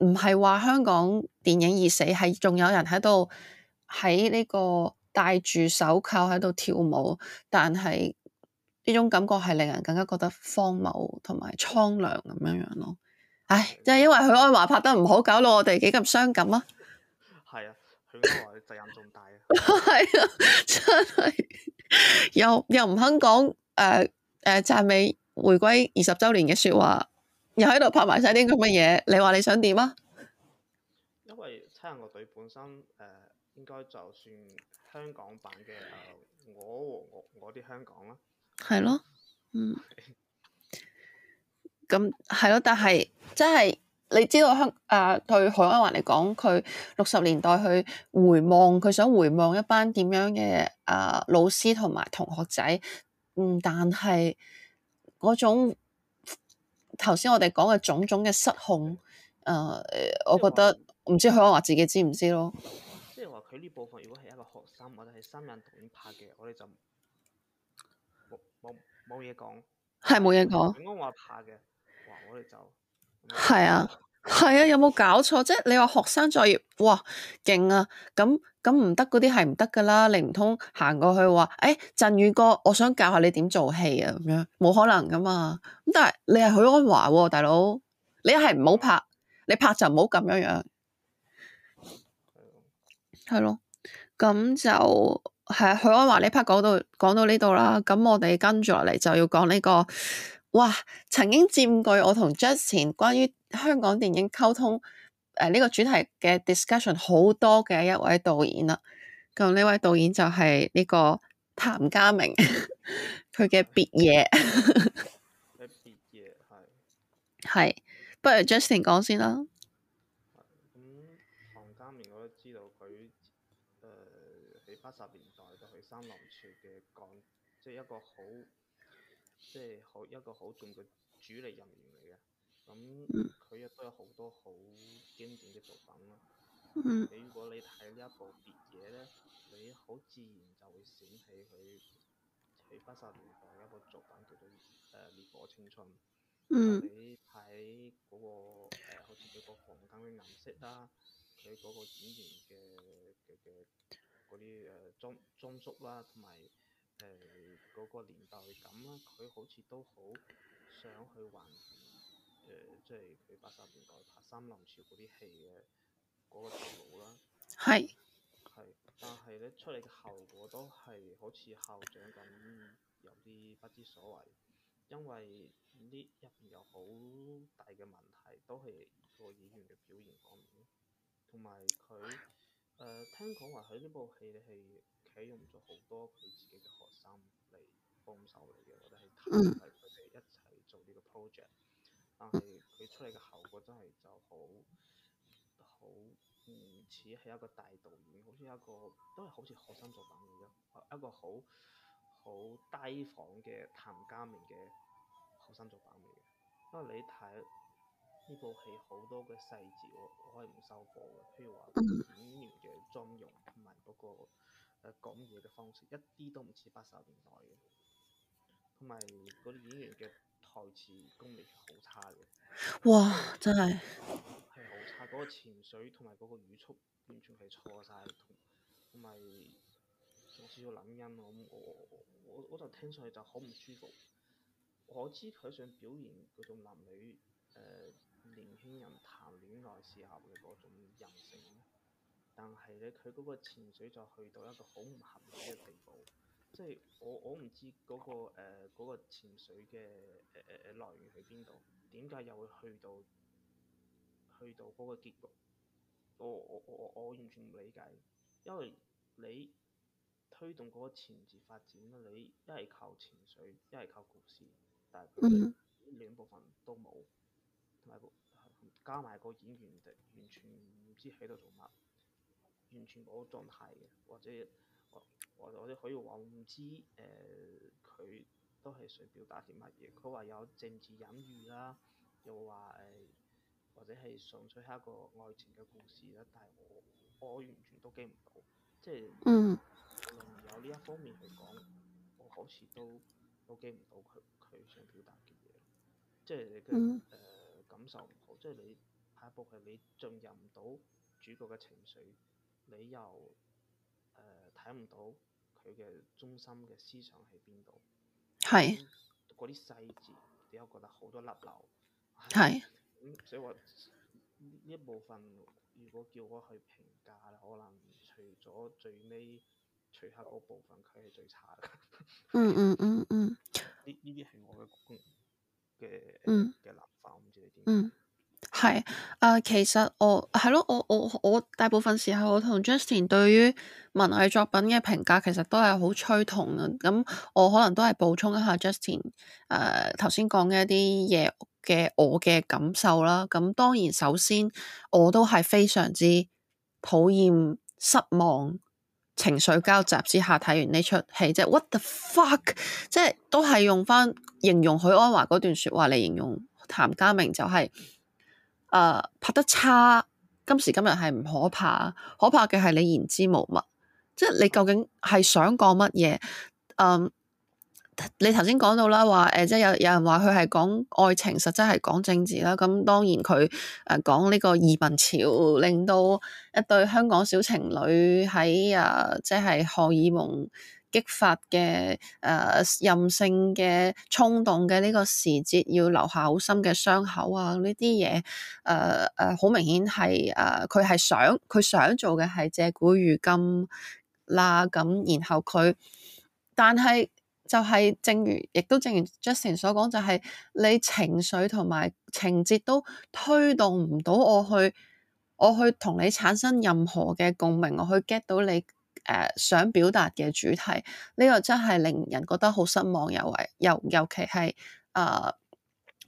唔係話香港電影已死，係仲有人喺度喺呢個戴住手扣喺度跳舞，但係呢種感覺係令人更加覺得荒謬同埋蒼涼咁樣樣咯。唉，即、就、係、是、因為許鞍華拍得唔好，搞到我哋幾咁傷感啊！係啊， *laughs* *laughs* *laughs* *laughs* *laughs* 許鞍華責任重大啊！係、呃、啊，真係又又唔肯講誒誒讚美回歸二十週年嘅説話。又喺度拍埋晒啲咁嘅嘢，你話你想點啊？因為七人樂隊本身誒、呃，應該就算香港版嘅，我我我啲香港啦。係咯，嗯。咁係咯，但係即係你知道香誒、啊、對許鞍華嚟講，佢六十年代去回望，佢想回望一班點樣嘅誒、啊、老師同埋同學仔，嗯，但係嗰種。頭先我哋講嘅種種嘅失控，誒、呃，我覺得唔知許鞍華自己知唔知咯。即係話佢呢部分，如果係一個學生，或者係新人導演拍嘅，我哋就冇冇冇嘢講。係冇嘢講。點解我拍嘅？哇，我哋就係啊，係啊，有冇搞錯？即係 *laughs* 你話學生作業，哇，勁啊！咁。咁唔得嗰啲係唔得噶啦，你唔通行過去話，誒、欸、鎮宇哥，我想教下你點做戲啊，咁樣冇可能噶嘛。咁但係你係許鞍華喎、啊，大佬，你係唔好拍，你拍就唔好咁樣樣，係咯。咁就係許鞍華呢 part 講到講到呢度啦。咁我哋跟住落嚟就要講呢、這個，哇，曾經佔據我同 Justin 關於香港電影溝通。誒，呢個主題嘅 discussion 好多嘅一位導演啦，咁呢位導演就係呢個譚家明，佢嘅別夜。嘅別夜係係，不如 Justin 講先啦。咁譚、嗯、家明我都知道佢誒喺八十年代郎就去新浪潮嘅講，即係一個好即係好一個好重嘅主力人員。咁佢亦都有好多好經典嘅作品咯。你、嗯、如果你睇呢一部別夜咧，你好自然就會閃起佢喺八十年代一部作品叫做《誒、呃、烈火青春》嗯啊。你睇嗰、那個、呃、好似嗰個房間嘅顏色啦，佢嗰個演員嘅嘅嘅嗰啲誒裝裝束啦，同埋誒嗰個年代感啦，佢好似都好想去還。誒、呃，即係佢八十年代拍《三林潮》嗰啲戲嘅嗰個套路啦。係是。係，但係咧出嚟嘅效果都係好似校長咁，有啲不知所謂。因為呢入邊有好大嘅問題，都係個演員嘅表現方面。同埋佢誒聽講話，佢呢部戲係啟用咗好多佢自己嘅學生嚟幫手嚟嘅，我覺得係睇係佢哋一齊做呢個 project。嗯但係佢出嚟嘅效果真係就好好唔似係一個大導演，好似一個都係好似學生作品咁樣，一個好好低仿嘅譚家明嘅學生作品嚟嘅。因為你睇呢部戲好多嘅細節我我係唔收過嘅，譬如話演員嘅妝容同埋嗰個誒、呃、講嘢嘅方式一啲都唔似八十年代嘅，同埋嗰啲演員嘅。台詞功力好差嘅，哇，真係係好差，嗰、嗰個潛水同埋嗰個語速完全係錯晒，同埋仲少少懶音，咁我我我就聽上去就好唔舒服。我知佢想表現嗰種男女誒、呃、年輕人談戀愛時候嘅嗰種人性，但係咧，佢嗰個潛水就去到一個好唔合理嘅地步。即係我我唔知嗰、嗰個誒嗰、呃嗰個、潛水嘅誒誒來源喺邊度，點解又會去到去到嗰個結局？我我我我完全唔理解，因為你推動嗰個前節發展，你一係靠潛水，一係靠故事，但係佢哋兩部分都冇，同埋加埋個演員，就完全唔知喺度做乜，完全冇狀態嘅，或者～我我可以話，唔知誒佢都係想表達啲乜嘢。佢話有政治隱喻啦、啊，又話誒、呃，或者係純粹係一個愛情嘅故事啦、啊。但係我我完全都記唔到，即係無論有呢一方面去講，我好似都都記唔到佢佢想表達嘅嘢，即係你嘅誒感受唔好，即係你睇一部戲，你進入唔到主角嘅情緒，你又……睇唔到佢嘅中心嘅思想喺邊度，係嗰啲細節，只有、嗯、覺得好多甩漏。係咁是、嗯、所以話呢一部分，如果叫我去評價，可能除咗最尾除下嗰部分，佢係最差嘅、 *laughs* 嗯。嗯嗯嗯嗯。呢呢啲係我嘅嘅嘅立法，我唔知你點。嗯係誒、呃，其實我係咯，我我我大部分時候我同 Justin 對於文藝作品嘅評價其實都係好趨同嘅。咁我可能都係補充一下 Justin 誒頭先講嘅一啲嘢嘅我嘅感受啦。咁當然首先我都係非常之討厭、失望情緒交集之下睇完呢出戲，即係 what the fuck，即係都係用翻形容許鞍華嗰段說話嚟形容譚家明就係。誒、uh, 拍得差，今時今日係唔可怕，可怕嘅係你言之無物，即係你究竟係想講乜嘢？嗯、um，你頭先講到啦，話誒，即係有有人話佢係講愛情，實際係講政治啦。咁當然佢誒講呢個移民潮，令到一對香港小情侶喺啊，即係荷爾蒙。激發嘅誒、呃、任性嘅衝動嘅呢個時節，要留下好深嘅傷口啊！呢啲嘢誒誒，好、呃呃、明顯係誒，佢、呃、係想佢想做嘅係借古喻今啦。咁然後佢，但係就係正如，亦都正如 Justin 所講、就係，就係你情緒同埋情節都推動唔到我去，我去同你產生任何嘅共鳴，我去 get 到你。誒、呃，想表達嘅主題，呢、這個真係令人覺得好失望，尤為，尤尤其係誒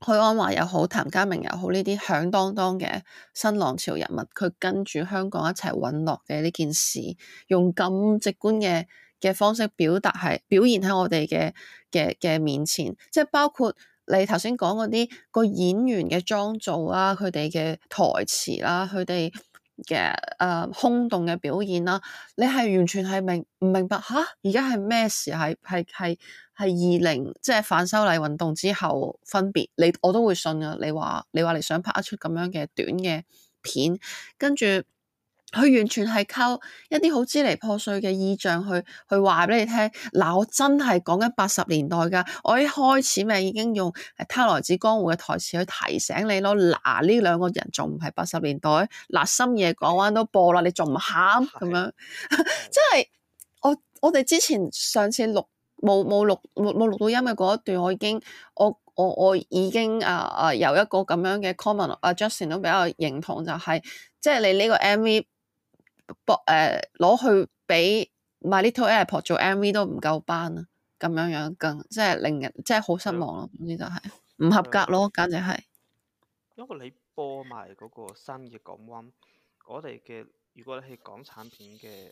許鞍華又好，譚家明又好，呢啲響噹噹嘅新浪潮人物，佢跟住香港一齊隕落嘅呢件事，用咁直觀嘅嘅方式表達，係表現喺我哋嘅嘅嘅面前，即係包括你頭先講嗰啲個演員嘅妝造啦、啊，佢哋嘅台詞啦、啊，佢哋。嘅誒，空洞嘅表現啦，你係完全係明唔明白吓？而家係咩時係係係係二零即係反修例運動之後分別，你我都會信噶。你話你話你想拍一出咁樣嘅短嘅片，跟住。佢完全係靠一啲好支離破碎嘅意象去去話俾你聽。嗱，我真係講緊八十年代噶，我一開始咪已經用《他來自江湖》嘅台詞去提醒你咯。嗱，呢兩個人仲唔係八十年代？嗱，深夜港灣都播啦，你仲唔喊咁樣？即係的、 *laughs* 就是、我我哋之前上次錄冇冇錄冇冇錄到音嘅嗰一段，我已經我我我已經啊啊有一個咁樣嘅 comment，阿 Justin 都比較認同就係、是，即、就、係、是、你呢個 MV。誒，攞、呃、去俾 My Little Airport 做 MV 都唔夠班啊，咁樣樣更即係令人即係好失望咯，總之就係唔合格咯，簡直係。因為你播埋嗰個新嘅港灣，我哋嘅如果你係港產片嘅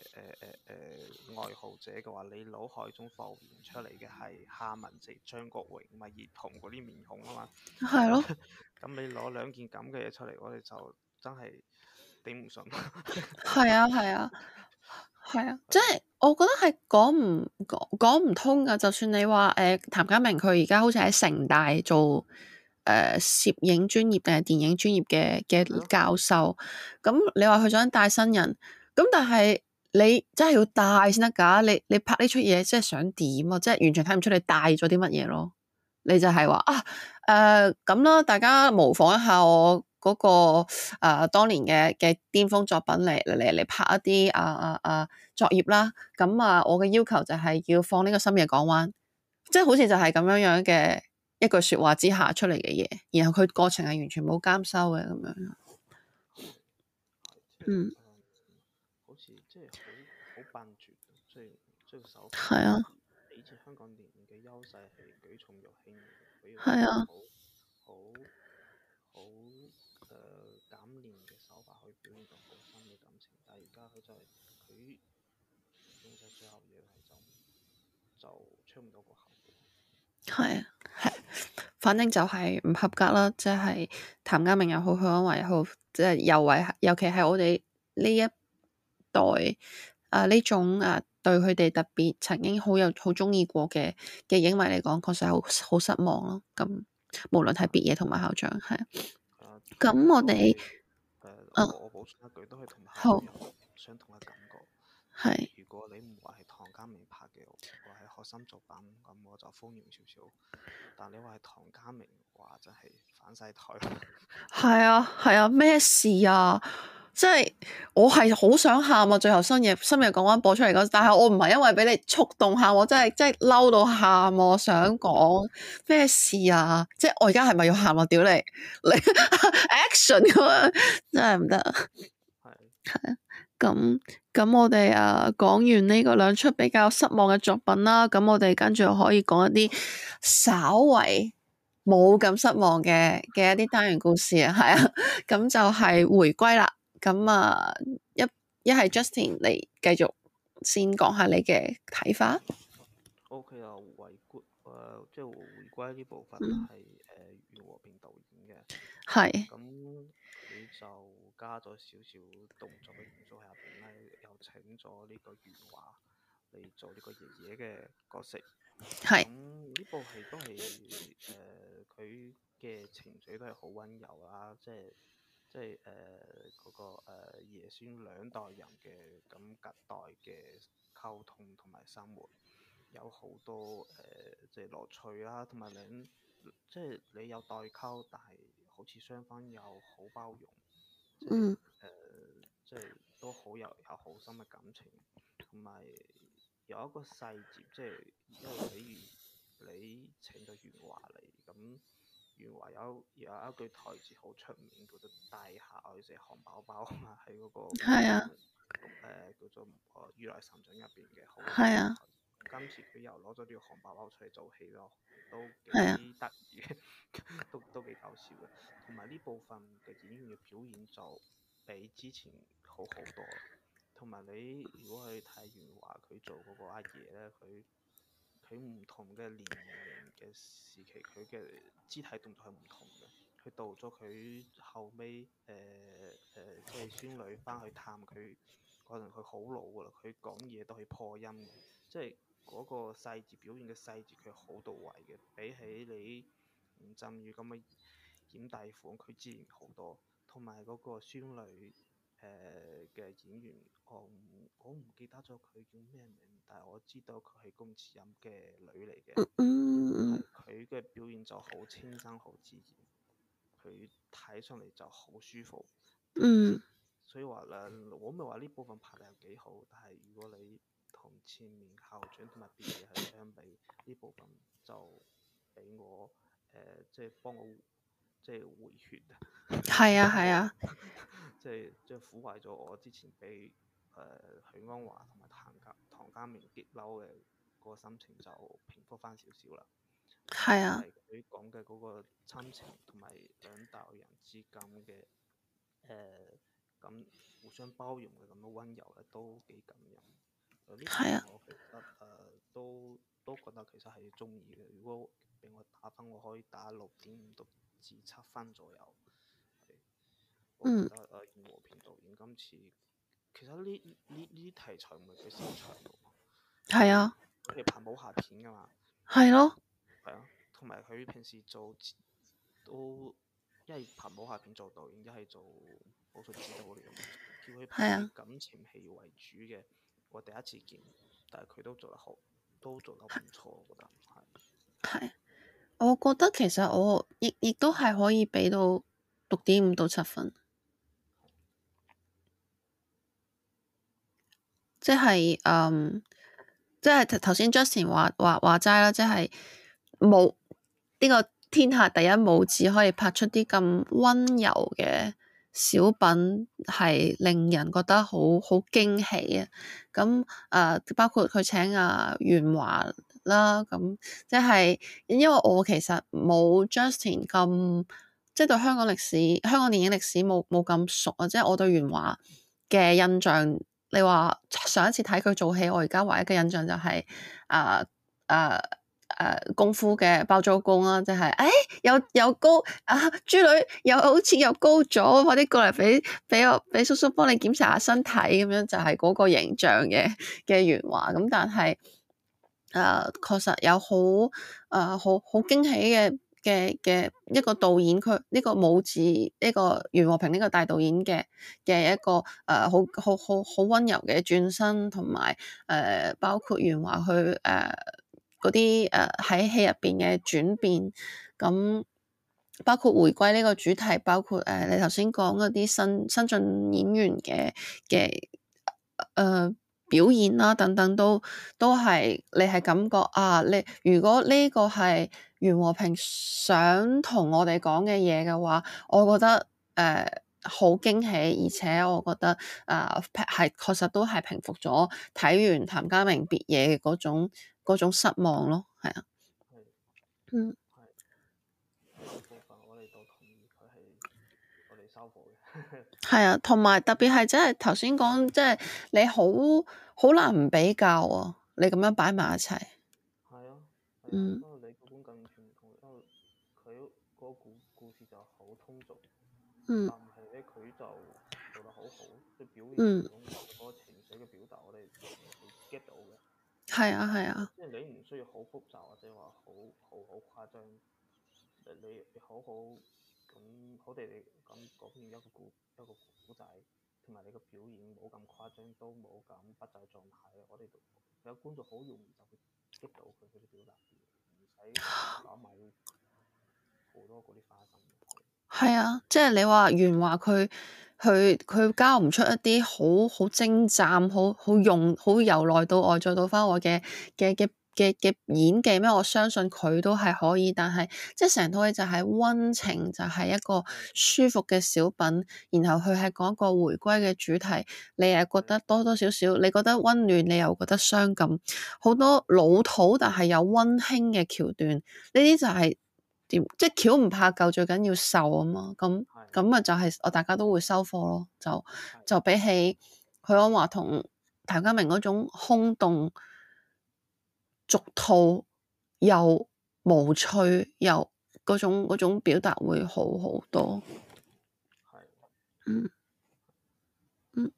誒誒誒愛好者嘅話，你腦海中浮現出嚟嘅係夏文汐、張國榮、咪葉童嗰啲面孔啊嘛，係咯了。咁 *laughs* 你攞兩件咁嘅嘢出嚟，我哋就真係。頂唔順，係啊係啊係啊，即係我覺得係講唔講講唔通噶就算你話誒譚家明佢而家好似喺城大做誒攝影專業定係電影專業嘅嘅教授，咁你話佢想帶新人，咁但係你真係要帶先得噶你你拍呢出嘢，即係想點啊？即係完全睇唔出你帶咗啲乜嘢咯。你就係話啊誒咁啦，大家模仿一下我。嗰、那個誒、呃、當年嘅嘅巔峯作品嚟嚟嚟拍一啲啊啊啊作業啦，咁啊我嘅要求就係要放呢個深夜港灣，即係好似就係咁樣樣嘅一句説話之下出嚟嘅嘢，然後佢過程係完全冇監修嘅咁樣，嗯，係啊，香港電影嘅優勢係舉重若輕，係啊，好、啊，好、啊。誒減年嘅手法可以表現到好深嘅感情，但而家佢就係佢用咗最後嘢係就出唔到個口。係啊，係，反正就係唔合格啦。即係譚家明又好，許鞍華又好，即係尤為尤其係我哋呢一代啊呢，呃，呢種啊對佢哋特別曾經好有好中意過嘅嘅影迷嚟講，確實係好好失望咯。咁無論係別夜同埋校長，係。咁我哋，誒，嗯，好，同一樣嘅感覺，係。如果你唔話係唐家明拍嘅，我係學生作品咁，我就歡迎少少。但你話係唐家明話就係反晒台，係 *laughs* 啊係啊咩事，啊啊、事啊？即係我係好想喊啊！最後深夜深夜講完播出嚟嗰，但係我唔係因為俾你觸動喊，我真係真係嬲到喊。我想講咩事啊？即係我而家係咪要喊啊？屌你，你 action 真係唔得。係。咁咁，我哋啊，講完呢個兩出比較失望嘅作品啦，咁我哋跟住可以講一啲稍為冇咁失望嘅嘅一啲單元故事啊，係啊，咁就係回歸啦。咁啊，一一係 Justin，你繼續先講下你嘅睇法。OK 啊，呃、回歸，即係回歸呢部分係誒袁和平導演嘅。係是。咁你就。加咗少少動作嘅元素喺入邊咧，又請咗呢個元華嚟，做呢個爺爺嘅角色。係咁呢部戲都係誒，佢嘅情緒都係好溫柔啊，即係即係誒嗰個誒、呃、爺孫兩代人嘅咁隔代嘅溝通同埋生活，有好多誒、呃就是、即係樂趣啦，同埋兩即係你有代溝，但係好似雙方又好包容。嗯，誒、呃，即係都好有有好深嘅感情，同埋有一個細節，即係因為比如你請咗元華嚟，咁元華有有一句台詞好出名，叫做大夏愛食漢堡包啊，喺嗰個係啊，誒叫做《如來神掌》入邊嘅係啊。今次佢又攞咗啲洪金寶出嚟做戲咯，都幾得意嘅，都都幾搞笑嘅。同埋呢部分嘅演員嘅表演就比之前好好多。同埋你如果去睇完話，佢做嗰個阿爺咧，佢佢唔同嘅年齡嘅時期，佢嘅肢體動作係唔同嘅。佢到咗佢後尾誒誒，呃呃、孫女翻去探佢，可能佢好老噶啦，佢講嘢都係破音嘅，即係。嗰個細節表現嘅細節，佢好到位嘅，比起你吳鎮宇咁嘅演大款，佢自然好多。同埋嗰個孫女誒嘅、呃、演員，我我唔記得咗佢叫咩名，但係我知道佢係龔慈恩嘅女嚟嘅。佢嘅表現就好清新，好自然，佢睇上嚟就好舒服。嗯。所以話誒、嗯，我咪話呢部分拍得係幾好，但係如果你～同前面校長同埋別夜係相比，呢部分就俾我誒即係幫我即係、就是、回血 *laughs* *laughs* 啊！係啊係啊！即係即係撫慰咗我之前俾誒許鞍華同埋譚家譚家明激嬲嘅嗰個心情就平復返少少啦！係啊！佢講嘅嗰個親情同埋兩代人之間嘅誒咁互相包容嘅咁多溫柔咧，都幾感人。係啊，呃、我覺得誒、呃、都都覺得其實係中意嘅。如果俾我打分，我可以打六點五到七分左右。我覺得嗯，得袁和平導演今次，其實呢呢呢啲題材唔係幾擅長到。係啊的。佢係拍武俠片噶嘛？係咯的。係啊的，同埋佢平時做都一係拍武俠片做導演，一係做武術指導嚟嘅，叫佢拍感情戲為主嘅。我第一次見，但係佢都做得好，都做得唔錯，我覺得係。我覺得其實我亦亦都係可以畀到六點五到七分，即係嗯、um，即係頭頭先 Justin 話話話齋啦，即係冇呢個天下第一武指可以拍出啲咁温柔嘅。小品係令人覺得好好驚喜啊！咁誒、呃，包括佢請阿元華啦，咁即係因為我其實冇 Justin 咁，即係對香港歷史、香港電影歷史冇冇咁熟啊！即係我對元華嘅印象，你話上一次睇佢做戲，我而家唯一嘅印象就係誒誒。呃呃誒、呃，功夫嘅包租公啦，即、就、係、是，誒、哎，又又高啊，豬女又好似又高咗，我快啲過嚟俾俾我，俾叔叔幫你檢查下身體咁樣，就係、是、嗰個形象嘅嘅元華，咁但係，誒、呃，確實有好誒，好好驚喜嘅嘅嘅一個導演，佢、這、呢個武指，呢、這個袁和平呢個大導演嘅嘅一個誒，好好好好温柔嘅轉身，同埋誒，包括元華佢誒。呃嗰啲誒喺戲入邊嘅轉變，咁包括回歸呢個主題，包括誒你頭先講嗰啲新新晉演員嘅嘅誒表演啦，等等都都係你係感覺啊！你如果呢個係袁和平想同我哋講嘅嘢嘅話，我覺得誒好、呃、驚喜，而且我覺得啊係、呃、確實都係平復咗睇完譚家明別夜嘅嗰種。嗰種失望咯，係啊，嗯，係部分我哋都同意佢係我哋收貨嘅，係啊，同埋特別係真係頭先講，即係你好好難唔比較啊，你咁樣擺埋一齊，係啊，啊嗯，因為你嗰本更完全唔同，因為佢嗰個故事就好通俗，嗯，但係咧佢就做得好好，啲表演。嗯。係啊，係啊，即係你唔需要好複雜或者話好好好誇張，你好好咁好地地咁，嗰邊一個古一個故仔，同埋你個表演冇咁誇張，都冇咁不在狀態，我哋有觀眾好容易就會激到佢嘅表達，唔使搞埋好多嗰啲花心。係啊，即係你話袁華佢。佢佢交唔出一啲好好精湛、好好用、好由內到外再到翻外嘅嘅嘅嘅嘅演技咩？我相信佢都係可以，但係即係成套嘢就係溫情，就係一個舒服嘅小品，然後佢係講個回歸嘅主題，你係覺得多多少少，你覺得溫暖，你又覺得傷感，好多老土但係有溫馨嘅橋段，呢啲就係。點即係橋唔怕舊，最緊要受啊嘛！咁咁啊，的就係、是、我大家都會收貨咯。就就比起許鞍華同譚家明嗰種空洞、俗套又無趣又嗰種嗰種表達，會好好多。係的、嗯。嗯。嗯。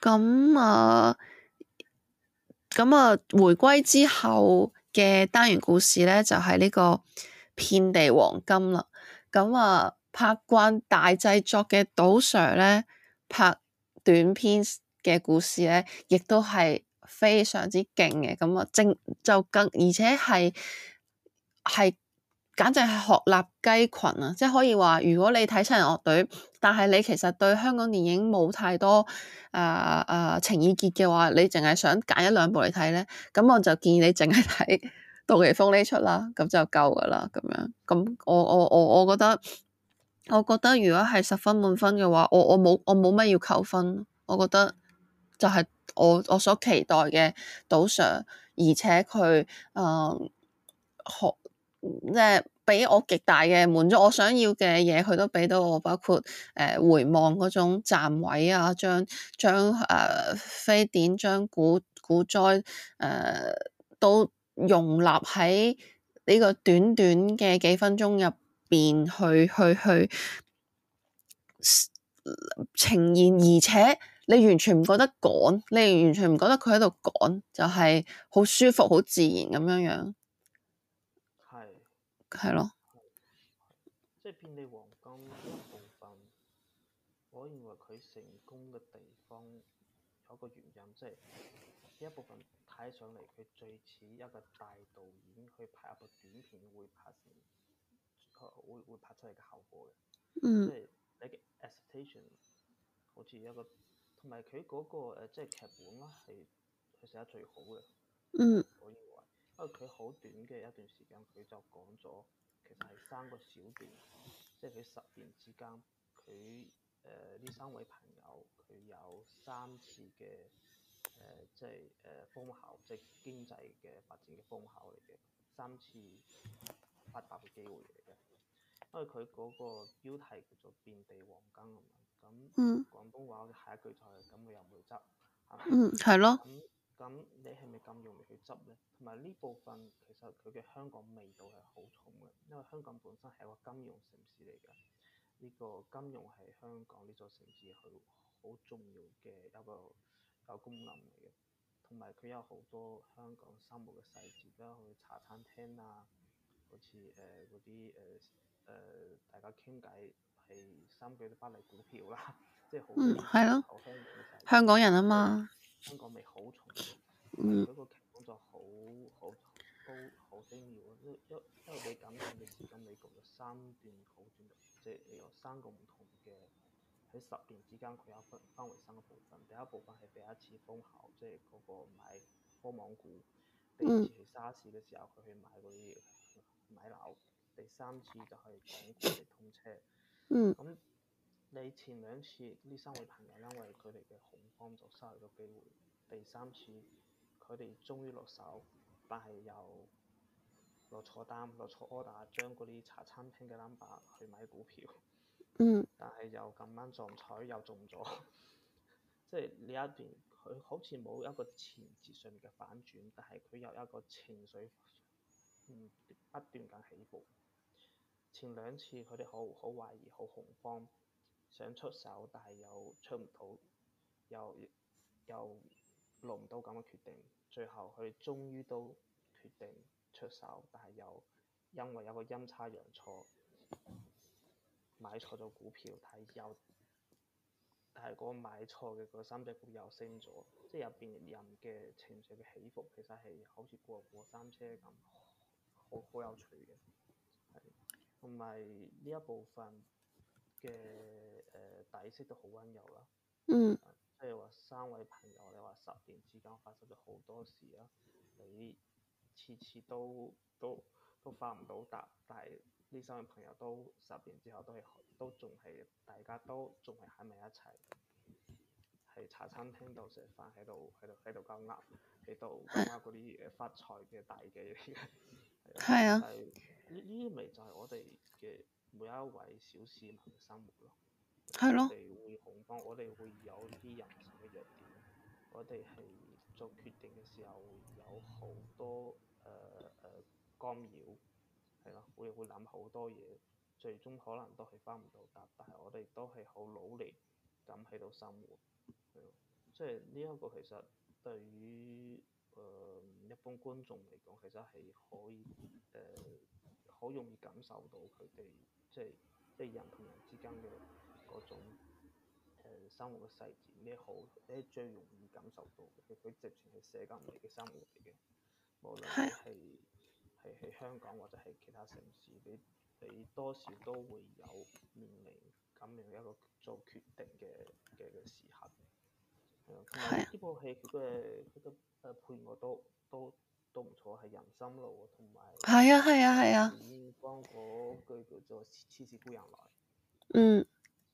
咁啊，咁啊，回歸之後嘅單元故事咧，就係、是、呢、呢個。遍地黃金啦，咁啊，拍慣大製作嘅杜 sir 咧，拍短片嘅故事咧，亦都係非常之勁嘅。咁啊正就更而且係係簡直係鶴立雞群啊！即係可以話，如果你睇七人樂隊，但係你其實對香港電影冇太多啊啊、呃呃、情意結嘅話，你淨係想揀一兩部嚟睇咧，咁我就建議你淨係睇。杜琪峰呢出啦，咁就夠噶啦，咁樣，咁我我我我覺得，我覺得如果係十分滿分嘅話，我我冇我冇乜要扣分，我覺得就係我我所期待嘅杜 Sir，而且佢誒可即係俾我極大嘅滿足，我想要嘅嘢佢都俾到我，包括誒、呃、回望嗰種站位啊，將將誒、呃、非典將股股災誒、呃、都。容納喺呢個短短嘅幾分鐘入邊去去去呈現，而且你完全唔覺得趕，你完全唔覺得佢喺度趕，就係好舒服、好自然咁樣樣。係。係咯。即係遍地黃金一部分，我認為佢成功嘅地方有一個原因，即係一部分。睇上嚟，佢最似一個大導演去拍一個短片，會拍成，會會拍出嚟嘅效果嘅，嗯那個呃，即係係 expectation 好似一個同埋佢嗰個誒即係劇本啦，係佢寫得最好嘅。嗯。我認為因為佢好短嘅一段時間佢就講咗，其實係三個小段，即係佢十年之間，佢誒呢三位朋友，佢有三次嘅。誒即係誒風口，即係、呃、經濟嘅發展嘅風口嚟嘅，三次發達嘅機會嚟嘅，因為佢嗰個標題叫做遍地黃金咁嘛，咁、嗯、廣東話嘅下一句就係咁佢又唔會執，係咪？嗯，係咯，咁咁你係咪咁容易去執咧？同埋呢部分其實佢嘅香港味道係好重嘅，因為香港本身係一個金融城市嚟嘅，呢、呢個金融係香港呢座城市好好重要嘅一個。有功能嚟嘅，同埋佢有好多香港生活嘅細節啦，去茶餐廳啊，好似誒嗰啲誒誒大家傾偈係三句不離股票啦，即係好、嗯、香港人啊嘛，嗯嗯、香港咪好重嗰個劇本就好好都好重要咯，因因因為你咁樣嘅時間，美講有三段好短嘅，即係有三個唔同嘅。喺十年之間，佢有分，分為三個部分，第一部分係第一次封口，即係嗰個買科網股；第二次係沙士嘅時候，佢去買嗰啲買樓；第三次就係港鐵通車。嗯。咁你前兩次呢三位朋友因為佢哋嘅恐慌就失去咗機會，第三次佢哋終於落手，但係又落錯單，落錯 order，將嗰啲茶餐廳嘅 number 去買股票。嗯，但係又咁啱撞彩又中咗，即係呢一段佢好似冇一個前節上面嘅反轉，但係佢有一個情緒唔不斷咁起伏。前兩次佢哋好好懷疑，好恐慌，想出手，但係又出唔到，又又落唔到咁嘅決定。最後佢哋終於都決定出手，但係又因為有個陰差陽錯。買錯咗股票，睇又但係個買錯嘅個三隻股又升咗。即係入邊人嘅情緒嘅起伏，其實係好似過過山車咁，好好有趣嘅，係同埋呢一部分嘅誒、呃、底色都好溫柔啦，嗯，譬如話三位朋友，你話十年之間發生咗好多事啊，你次次都都都發唔到達，但係。呢三位朋友都十年之後都係，都仲係，大家都仲係喺埋一齊，喺茶餐廳度食飯，喺度喺度喺度鳩鴨，喺度交嗰啲誒發財嘅大計。嚟 *laughs* 嘅 *laughs* 是，係啊，呢呢咪就係我哋嘅每一位小市民嘅生活咯，係咯嚕，我哋會恐慌，我哋會有啲人性嘅弱點，我哋係做決定嘅時候會有好多誒誒干擾。呃呃係啦，我哋會諗好多嘢，最終可能都係翻唔到答，但係我哋都係好努力咁喺度生活，係咯，即係呢一個其實對於誒、呃、一般觀眾嚟講，其實係可以誒好、呃、容易感受到佢哋即係即係人同人之間嘅嗰種生活嘅細節，咩好，呢最容易感受到嘅，佢直情係社交嚟嘅生活嚟嘅，無論係。喺香港或者喺其他城市，你你多少都會有面臨咁樣一個做決定嘅嘅嘅時刻。係、嗯、啊。呢部戲嘅佢嘅誒配樂都都都唔錯，係人心路同埋。係啊係啊係啊。煙、啊啊、光火句叫做痴痴子孤人來。雞雞雞雞雞嗯。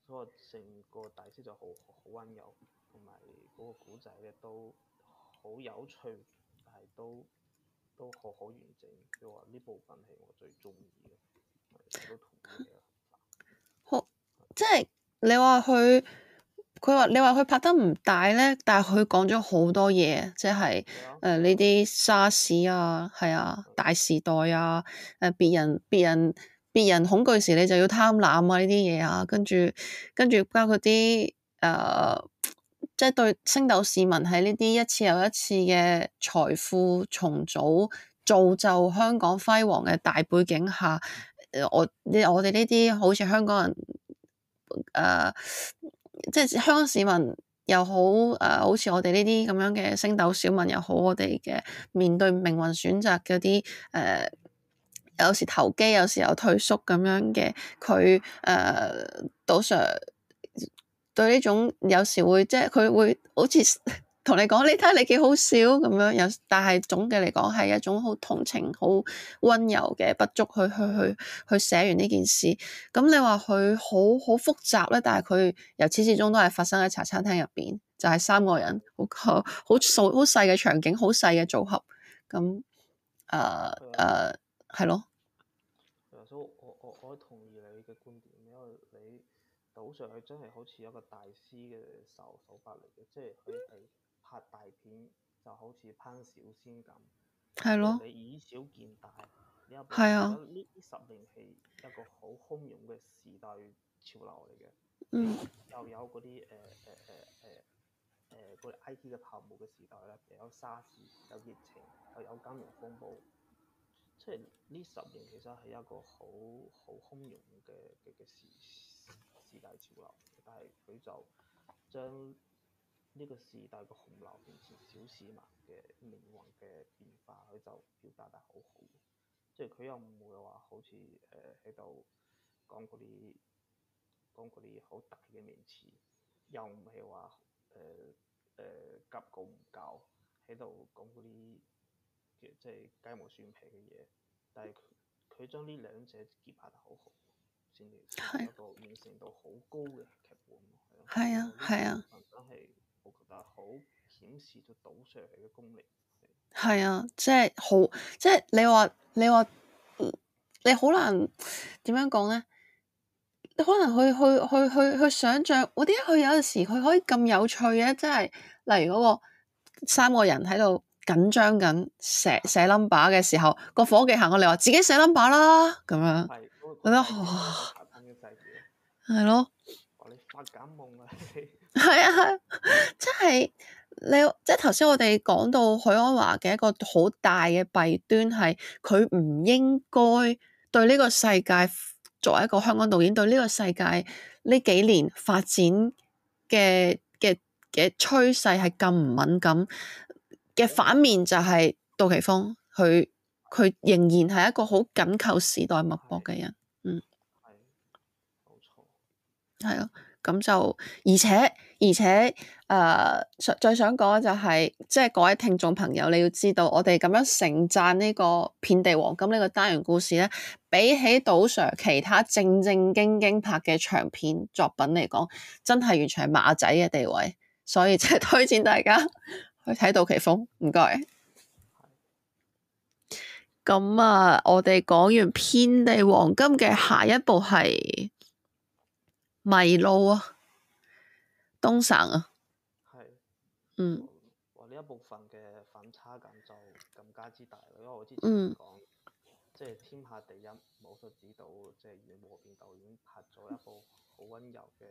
所以成個底色就好好溫柔，同埋嗰個古仔咧都好有趣，但係都。都好好完整，佢話呢部分係我最中意嘅，都同意啊。好，即係你話佢，佢話你話佢拍得唔大咧，但係佢講咗好多嘢，即係誒呢啲沙士啊，係啊，的大時代啊，誒別人別人別人恐懼時你就要貪婪啊呢啲嘢啊，跟住跟住包括啲誒。呃即係對星斗市民喺呢啲一次又一次嘅財富重組造就香港輝煌嘅大背景下，我你我哋呢啲好似香港人，誒，即係香港市民又好，誒，好似我哋呢啲咁樣嘅星斗小民又好，我哋嘅面對命運選擇嗰啲，誒，有時投機，有時又退縮咁樣嘅，佢，誒，杜 Sir，對呢種有時會即係佢會好似同你講，你睇下你幾好笑咁樣有，但係總嘅嚟講係一種好同情、好温柔嘅筆觸去。去去去去寫完呢件事。咁、嗯、你話佢好好複雜咧，但係佢由始至終都係發生喺茶餐廳入邊，就係、是、三個人好好好好細嘅場景，好細嘅組合。咁誒誒係咯。阿蘇、嗯，我我我同意你嘅觀點，因為你。倒上去真係好似一個大師嘅手手法嚟嘅，即係佢係拍大片就好似烹小鮮咁，係咯，你以小見大。你係啊，呢十年係一個好洶湧嘅時代潮流嚟嘅。嗯又、呃呃呃呃，又有嗰啲誒誒誒誒誒啲 I.T. 嘅泡沫嘅時代啦，又有沙士，有疫情，又有金融風暴，即係呢十年其實係一個好好洶湧嘅嘅嘅時時代潮流，但係佢就將呢個時代嘅洪流，變成小市民嘅命運嘅變化，佢就表達得好好。即係佢又唔會話好似誒喺度講嗰啲講啲好大嘅名詞，又唔係話誒誒急功唔夠喺度講嗰啲即係雞毛蒜皮嘅嘢，但係佢佢將呢兩者結合得好好。完成度好高嘅劇本，係啊係啊，都係、啊、我覺得好顯示咗杜 Sir 嚟嘅功力。係啊，即係好，即、就、係、是、你話你話，你好難點樣講咧？你可能去去去去去想象，我點解佢有陣時佢可以咁有趣嘅？即係例如嗰個三個人喺度緊張緊寫寫 number 嘅時候，嗰個伙計行過嚟話：自己寫 number 啦咁樣。咁啊！係咯，係啊，係，即係你即係頭先我哋講到許鞍華嘅一個好大嘅弊端，係佢唔應該對呢個世界，作為一個香港導演，對呢個世界呢幾年發展嘅嘅嘅趨勢係咁唔敏感嘅、嗯、反面就係杜琪峰，佢佢仍然係一個好緊扣時代脈搏嘅人。係咯，咁就而且而且，誒、呃，最最想講就係、是，即係各位聽眾朋友，你要知道，我哋咁樣盛讚呢個《遍地黃金》呢個單元故事咧，比起杜 s 其他正正經經拍嘅長片作品嚟講，真係完全係馬仔嘅地位，所以即係推薦大家去睇杜琪峰，唔該。咁啊，我哋講完《遍地黃金》嘅下一步係。迷路啊，東 san 啊，係是，嗯，我呢一部分嘅反差感就更加之大啦，因為我之前講，嗯、即係天下第一武術指導，即係袁和平導演拍咗一部好溫柔嘅嘅、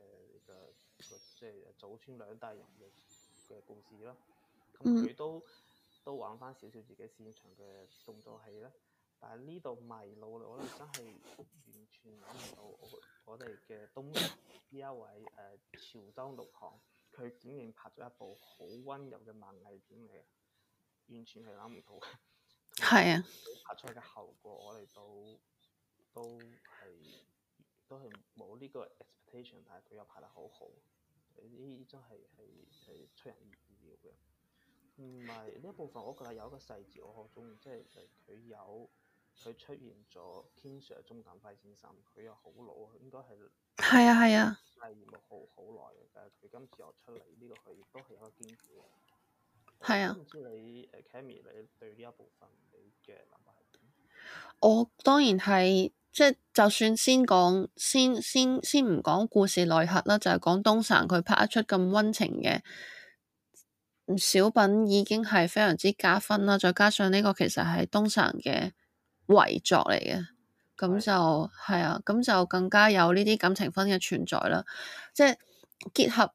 那個，嗯、即係祖孫兩代人嘅嘅故事啦。咁佢都、嗯、都玩翻少少自己擅長嘅動作戲啦。但係呢度迷路，我哋真係完全諗唔到我，我哋嘅東邊呢一位誒、呃、潮州六行，佢竟然拍咗一部好溫柔嘅文藝片嚟，完全係諗唔到嘅。係啊，拍出嚟嘅效果我哋都都係都係冇呢個 expectation，但係佢又拍得好好，呢真係係係出人意料嘅。唔係呢一部分，我覺得有一個細節我好中意，即係佢有。佢出現咗天 i n g s 先生，佢又好老應啊，應該係第二幕好好耐嘅，但佢今次又出嚟呢、這個佢都係一個經典。係啊，唔知你誒 a m m 你對呢一部分你嘅諗法係點？我當然係即係，就是、就算先講先先先唔講故事內核啦，就係、是、講東晨佢拍一出咁温情嘅小品，已經係非常之加分啦。再加上呢個其實係東晨嘅。遺作嚟嘅，咁就係啊，咁就更加有呢啲感情分嘅存在啦，即係結合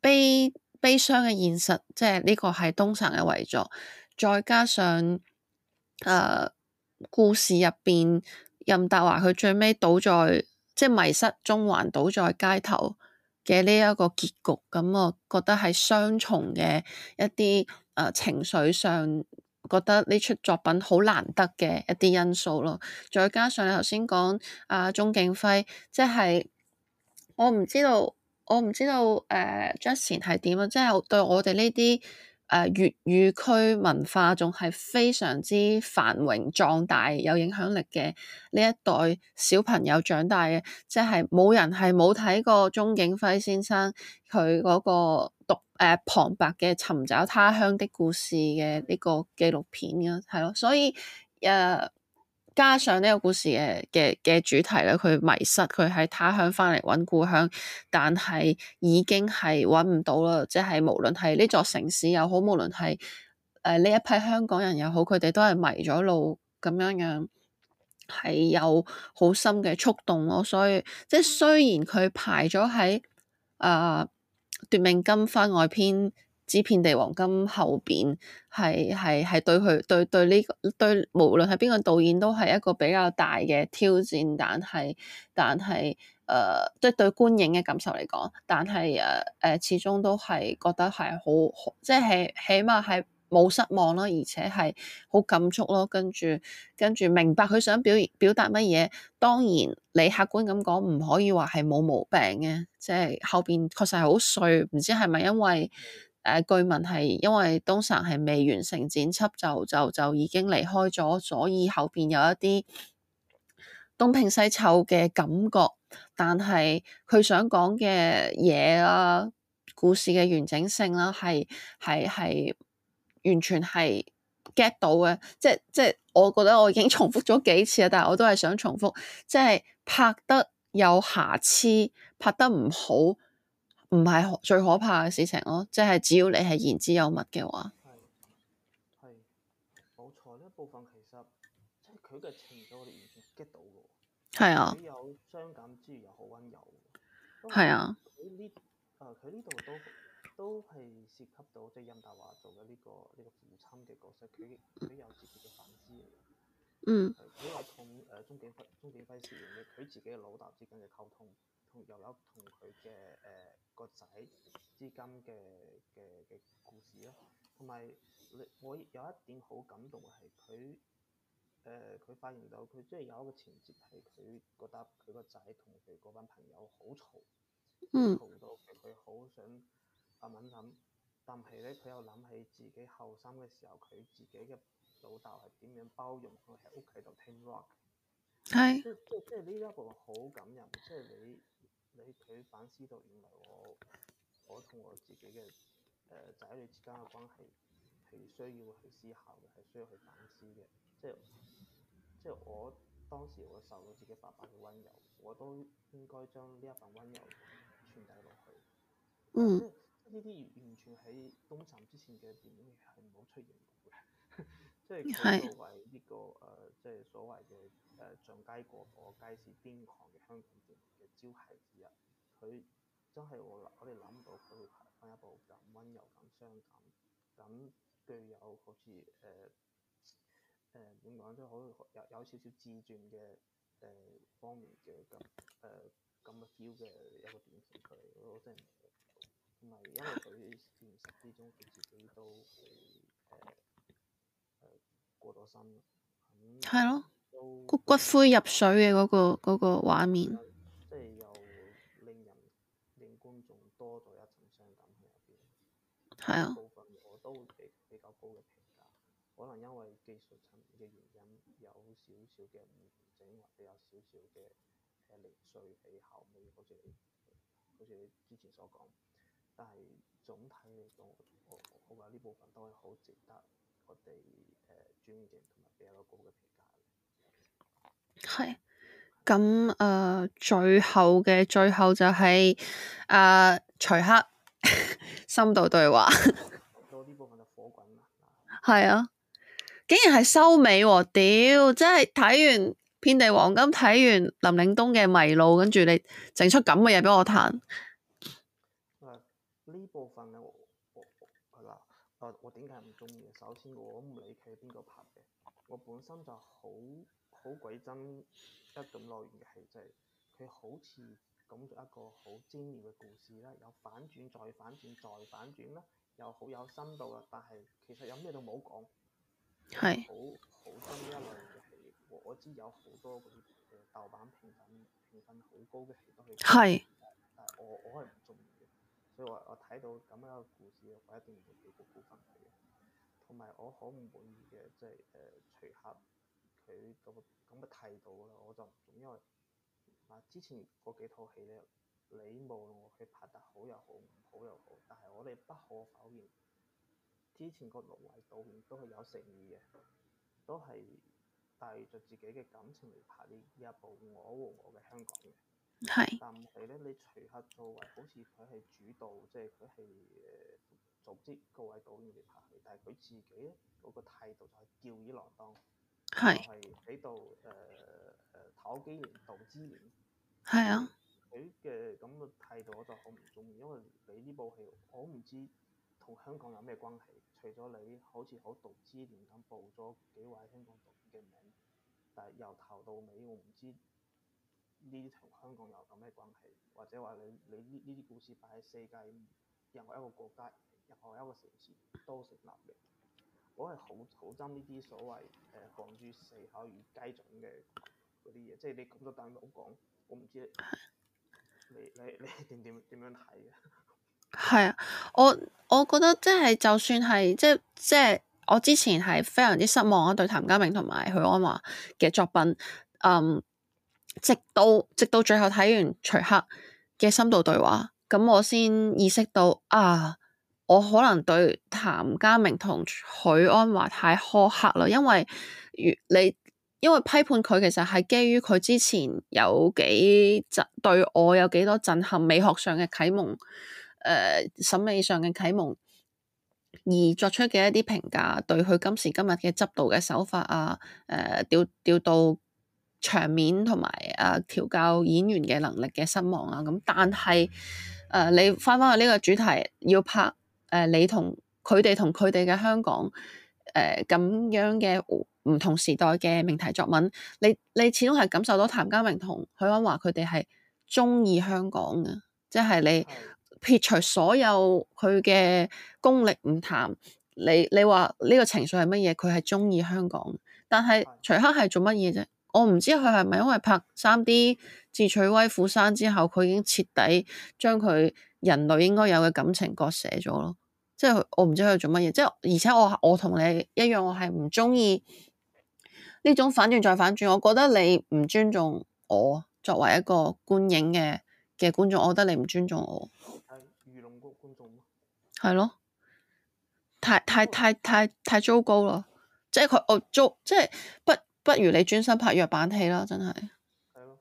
悲悲傷嘅現實，即係呢個係東 san 嘅遺作，再加上誒故事入邊任達華佢最尾倒在即係迷失中環倒在街頭嘅呢一個結局，咁我覺得係雙重嘅一啲誒情緒上。覺得呢出作品好難得嘅一啲因素咯，再加上你頭先講阿鐘景輝，即係我唔知道，我唔知道誒 Justin 係點啊，即係對我哋呢啲誒粵語區文化仲係非常之繁榮壯大有影響力嘅呢一代小朋友長大嘅，即係冇人係冇睇過鐘景輝先生佢嗰個讀。誒旁、呃、白嘅尋找他鄉的故事嘅呢個紀錄片嘅係咯，所以誒、呃、加上呢個故事嘅嘅嘅主題咧，佢迷失佢喺他鄉翻嚟揾故鄉，但係已經係揾唔到啦，即係無論係呢座城市又好，無論係誒呢一批香港人又好，佢哋都係迷咗路咁樣樣，係有好深嘅觸動咯。所以即係雖然佢排咗喺誒，呃《奪命金》番外篇之遍地黃金，後邊係係係對佢對對呢個對，無論係邊個導演都係一個比較大嘅挑戰，但係但係誒，即係對觀影嘅感受嚟講，但係誒誒始終都係覺得係好好即係起碼係。冇失望咯，而且係好感觸咯。跟住跟住明白佢想表表達乜嘢。當然，你客觀咁講唔可以話係冇毛病嘅，即係後邊確實係好碎，唔知係咪因為誒據聞係因為東 san 係未完成剪輯就就就已經離開咗，所以後邊有一啲東拼西湊嘅感覺，但係佢想講嘅嘢啊，故事嘅完整性啦，係係係。完全係 get 到嘅，即即我覺得我已經重複咗幾次啦，但係我都係想重複，即係拍得有瑕疵，拍得唔好，唔係最可怕嘅事情咯。即係只要你係言之有物嘅話，係冇錯呢一部分其實即係佢嘅程度，我哋完全 get 到嘅喎。係啊，有傷感之餘，又好溫柔。係啊。佢呢度都。都係涉及到即係任達華做嘅呢、呢個呢、呢個父親嘅角色，佢佢有自己嘅反思。嗯。佢有同誒鍾景輝鍾景輝飾演嘅佢自己嘅老豆之間嘅溝通，同又有同佢嘅誒個仔之間嘅嘅嘅故事咯。同埋你我有一點好感動嘅係佢誒，佢、呃、發現到佢即係有一個情節係佢覺得佢個仔同佢嗰班朋友好嘈，嘈、嗯、到佢好想。阿敏諗，但係咧，佢又諗起自己後生嘅時候，佢自己嘅老豆係點樣包容佢喺屋企度聽 rock。係的。即即即呢一部好感人，即係你你佢反思到原來我我同我自己嘅誒仔女之間嘅關係係需要去思考嘅，係需要去反思嘅。即即我當時我受到自己爸爸嘅温柔，我都應該將呢一份温柔傳遞落去。嗯。呢啲完全喺東 san 之前嘅電影係冇出現過嘅。即係佢作為呢個誒，即、呃、係、就是、所謂嘅誒、呃、上街過火、街市癲狂嘅香港電影嘅招牌之一，佢真係我我哋諗到佢拍翻一部咁温柔、咁傷感、咁具有好似誒誒點講都好，有有少少自傳嘅誒、呃、方面嘅咁誒咁嘅 feel 嘅一個電視劇，我真係～唔係，因為佢現實之中佢自己都誒、呃呃、過咗身咯，咯，的都骨灰入水嘅嗰、那個嗰、那個、畫面，即係又令人令觀眾多咗一層傷感喺入邊。係啊的。部分我都會比比較高嘅評價，可能因為技術層面嘅原因，有少少嘅唔完整，或者有少少嘅誒零碎喺後尾，好似好似你之前所講。但係總體嚟講，我我話呢部分都係好值得我哋誒尊敬同埋比較高嘅評價。係，咁、嗯、誒、呃、最後嘅最後就係、是、阿、呃、徐克 *laughs* 深度對話。做呢部分就火滾啦。係啊，竟然係收尾和屌，即係睇完《遍地黃金》，睇完林嶺東嘅《迷路》跟，跟住你整出咁嘅嘢俾我彈。呢部分啊，我係啦，我我點解唔中意？首先我都唔理佢係邊個拍嘅，我本身就好好鬼憎得咁類型嘅戲，就係佢好似咁一個好精妙嘅故事啦，有反轉再反轉再反轉啦，又好有深度啦，但係其實有咩都冇講，係好好憎呢一類嘅戲，我我知有好多嗰啲豆瓣評分評分好高嘅戲都係，係是，但係我我係唔中。我睇到咁樣一個故事，我一定會叫決股份佢嘅。同埋我好唔滿意嘅，即係誒徐克佢咁咁嘅態度啦，我就唔因為嗱之前嗰幾套戲咧，你無論，佢拍得好又好，唔好又好，但係我哋不可否認，之前個六位導演都係有誠意嘅，都係帶著自己嘅感情嚟拍呢一部《我和我嘅香港》嘅。是但係咧，你除客作為好似佢係主導，即係佢係誒組織各位導演嚟拍戲，但係佢自己咧嗰、那個態度就係吊是兒郎當，就係喺度誒誒討機念、導資念。係啊。佢嘅咁嘅態度我就好唔中意，因為你呢部戲我唔知同香港有咩關係，除咗你好似好導資念咁報咗幾位香港導演嘅名，但係由頭到尾我唔知。呢啲同香港有咁嘅關係，或者話你你呢呢啲故事擺喺世界任何一個國家、任何一個城市都成立，嘅。我係好好憎呢啲所謂誒講住四口與雞種嘅嗰啲嘢，即係你咁多大佬講，我唔知你你你點點點樣睇啊？係啊，我我覺得即係就算係即即係我之前係非常之失望啊，對譚家明同埋許鞍華嘅作品，嗯。直到直到最後睇完徐克嘅深度對話，咁我先意識到啊，我可能對譚家明同許鞍華太苛刻啦，因為越你因為批判佢，其實係基於佢之前有幾對我有幾多震撼美學上嘅啟蒙，誒、呃、審美上嘅啟蒙而作出嘅一啲評價，對佢今時今日嘅執導嘅手法啊，誒、呃、調調到。場面同埋誒調教演員嘅能力嘅失望啊！咁但係誒、呃、你翻翻去呢個主題要拍誒、呃、你同佢哋同佢哋嘅香港誒咁、呃、樣嘅唔同時代嘅命題作文，你你始終係感受到譚家明同許鞍華佢哋係中意香港嘅，即係你撇除所有佢嘅功力唔談，你你話呢個情緒係乜嘢？佢係中意香港，但係徐克係做乜嘢啫？我唔知佢係咪因為拍三 D《智取威虎山》之後，佢已經徹底將佢人類應該有嘅感情割捨咗咯。即係我唔知佢做乜嘢。即係而且我我同你一樣，我係唔中意呢種反轉再反轉。我覺得你唔尊重我作為一個觀影嘅嘅觀眾，我覺得你唔尊重我。係愚弄個觀眾咯。係咯，太太太太太糟糕啦！即係佢我糟，即係不。不如你專心拍藥版戲啦，真係。係咯，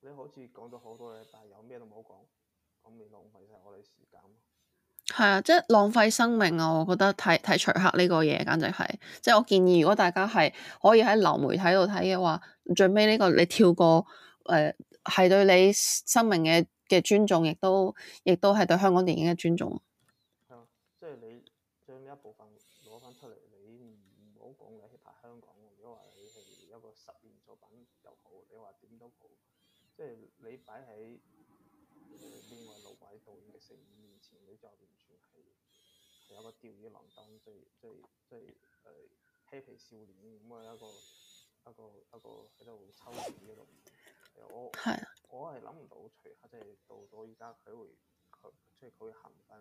你好似講咗好多嘢，但係有咩都冇講，咁咪浪費晒我哋時間。係啊，即係浪費生命啊！我覺得睇睇徐克呢個嘢，簡直係，即係我建議，如果大家係可以喺流媒體度睇嘅話，最尾呢個你跳過，誒、呃，係對你生命嘅嘅尊重，亦都亦都係對香港電影嘅尊重。係啊，即係你將呢一部分。即係你擺喺、呃、另外六位導演嘅成員面前，你就完全係有個吊兒郎當，即係即係即係誒嬉皮笑臉咁啊！一個一個一個喺度抽水嗰度。我我係諗唔到隨，除下即係到咗依家佢佢即係佢行緊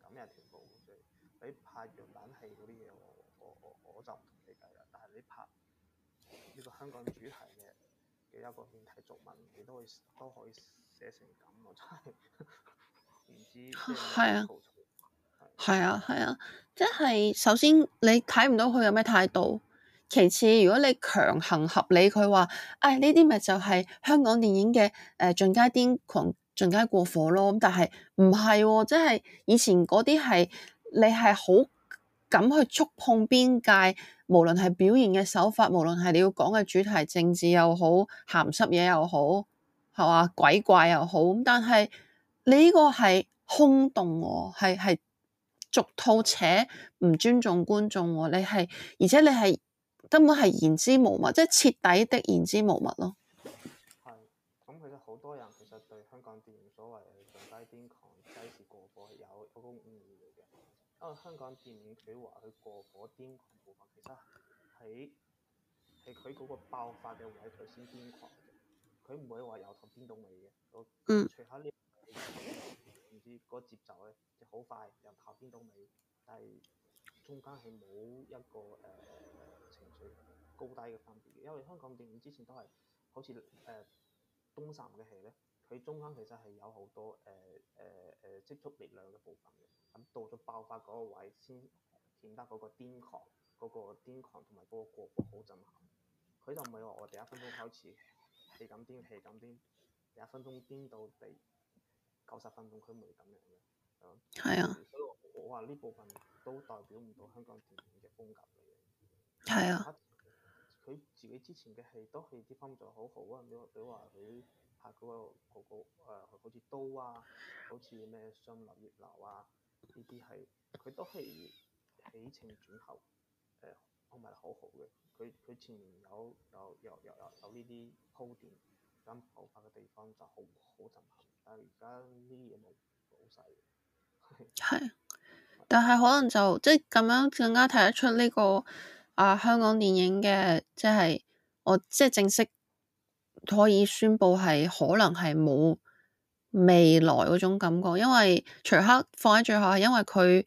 咁樣條路。即係、就是、你拍粵版戲嗰啲嘢，我我我就唔同你計啦。但係你拍呢個香港主題嘅。嘅一個選題作文，你都可以都可以寫成咁，我真係唔知。係啊，係啊，係啊，即係首先你睇唔到佢有咩態度，其次如果你強行合理佢話，誒呢啲咪就係香港電影嘅誒盡皆癲狂、盡皆過火咯。咁但係唔係喎，即係以前嗰啲係你係好敢去觸碰邊界。無論係表現嘅手法，無論係你要講嘅主題，政治又好鹹濕嘢又好，係嘛，鬼怪又好，咁但係你呢個係空洞喎，哦，係俗套且唔尊重觀眾喎，哦，你係而且你係根本係言之無物，即、就、係、是、徹底的言之無物咯。係，咁、嗯、其實好多人其實對香港電影所謂嘅盡是癲狂、盡皆過火有好啊！因為香港電影佢話佢過火癲狂部分，其實喺係佢嗰個爆發嘅位，佢先癲狂嘅。佢唔會話由頭癲到尾嘅。嗯。除下呢、這個，唔知嗰個節奏咧就好快，由頭癲到尾，但係中間係冇一個誒情緒高低嘅分別嘅。因為香港電影之前都係好似誒東 san 嘅戲咧。佢中間其實係有好多誒誒誒積蓄力量嘅部分嘅，咁到咗爆發嗰個位先顯得嗰個癲狂，嗰個癲狂同埋嗰個過火好震撼。佢就唔係話我哋一分鐘開始係咁癲，係咁癲，一分鐘癲到地，九十分鐘佢唔會咁樣嘅，係、嗯、啊。所以我話呢部分都代表唔到香港電影嘅風格嚟嘅。啊。佢自己之前嘅戲都係方面做得好好啊，你話你話佢。嗰、那個嗰、那個好似、那個那個那個、刀啊，好似咩雙流月流啊，呢啲係佢都係起承轉合同埋好好嘅。佢佢前面有有有有有呢啲鋪墊，咁後發嘅地方就好好震撼。但係而家啲嘢冇晒，細。 *laughs* 但係可能就即係咁樣更加睇得出呢、這個啊香港電影嘅，即、就、係、是、我即係、就是、正式。可以宣布係可能係冇未來嗰種感覺，因為徐克放喺最後，係因為佢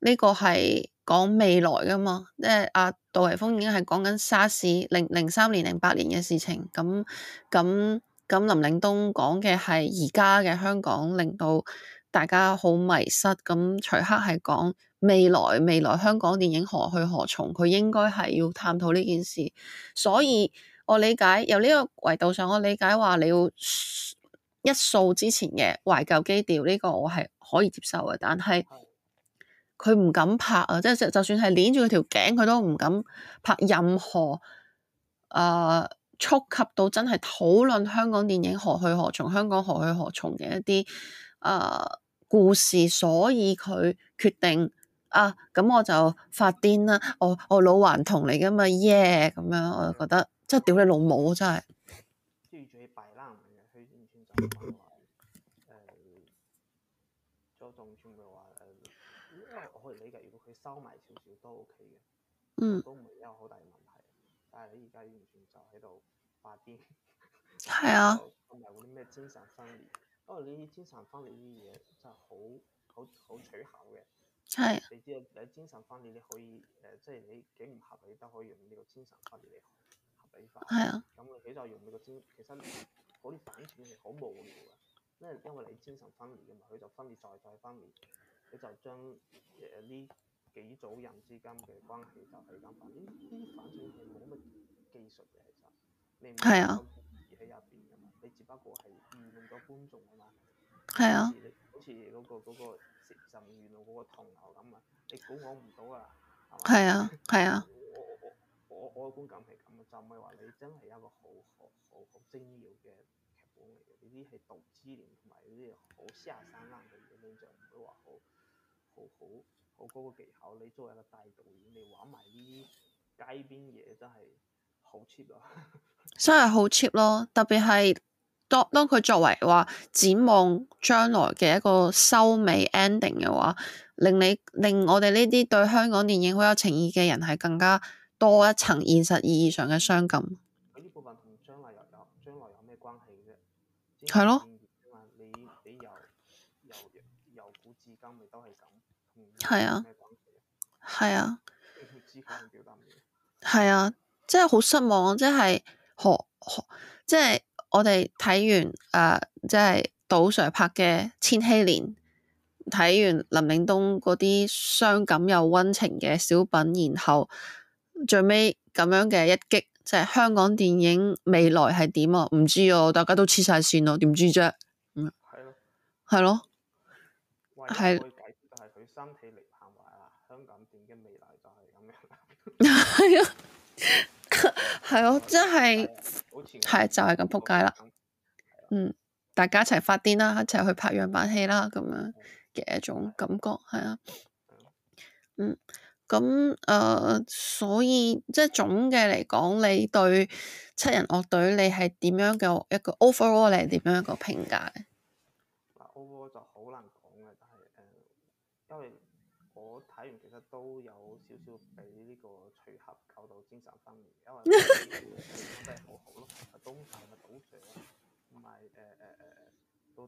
呢個，係講未來噶嘛，即係阿杜琪峰已經，係講緊沙士零零三年、零八年嘅事情，咁咁咁林嶺東講嘅係而家嘅香港令到大家好迷失，咁徐克係講未來，未來香港電影何去何從，佢應該，係要探討呢件事，所以，我理解由呢個維度上，我理解話你要一掃之前嘅懷舊基調，呢個我係可以接受嘅，但係佢唔敢拍啊，即係就算係捏住佢條頸，佢都唔敢拍任何誒、呃、觸及到真係討論香港電影何去何從，香港何去何從嘅一啲誒、呃、故事，所以佢決定啊，咁我就發癲啦，我我老頑童嚟噶嘛耶，e a 咁樣，我就覺得。真係屌你老母！真係。即係仲要擺爛。佢完全就話誒，ligen 做仲全部話我可以理解，如果佢收埋少少都 O K 嘅，都唔會有好大嘅問題。但係你而家完全就喺度發癲。係啊。唔係嗰啲咩精神分裂？不過你啲精神分裂呢啲嘢真係好好好取巧嘅。係。你知你精神分裂，你可以誒，即係你幾唔合理都可以用呢個精神分裂嚟。係啊，咁佢佢就用佢個精，其實嗰啲反轉係好無聊嘅，因為因為你精神分裂嘅嘛，佢就分裂曬，就分裂，你就將誒呢幾組人之間嘅關係就係咁。反正啲反轉係冇乜技術嘅，其實你唔係喺入邊嘅嘛，啊、你只不過係愚弄個觀眾啊嘛。係啊，好似嗰個嗰、那個原來嗰個同學咁啊，你估我唔到啊。係啊，係 *laughs* 啊。我我嘅觀感係咁，就唔係話你真係一個好好好好精妙嘅劇本嚟嘅，呢啲係導師連同埋呢啲好師阿生嘅嘢，你就唔會話好好好好高嘅技巧。你作為一個大導演，你玩埋呢啲街邊嘢，真係好 cheap 啊！真係好 cheap 咯，特別係當當佢作為話展望將來嘅一個收尾 ending 嘅話，令你令我哋呢啲對香港電影好有情意嘅人係更加～多一層現實意義上嘅傷感。呢部分同將來又有咩關係嘅啫？係咯。你由，由，由古至今，咪都係咁。係啊。係啊。係啊，啊，真係好失望，即係何即係我哋睇完誒，即係杜 Sir 拍嘅《千禧年》，睇完林嶺東嗰啲傷感又温情嘅小品，然後。最尾咁樣嘅一擊，就係、是、香港電影未來係點啊？唔知啊，大家都黐晒線咯，點知啫、啊？嗯，係咯的，係咯的，係。可以解釋就係佢身體力行壞啦，香港片嘅未來就係咁樣。係啊，係咯的，真係，係就係咁撲街啦。嗯，大家一齊發癲啦，一齊去拍樣板戲啦，咁樣嘅一種感覺，係啊，的嗯。咁誒，所以即係總嘅嚟講，你對七人樂隊你係點樣嘅一個 overall 你係點樣一個評價？嗱 overall 就好難講嘅，但係因為我睇完其實都有少少俾呢個組合搞到精神分裂，因為真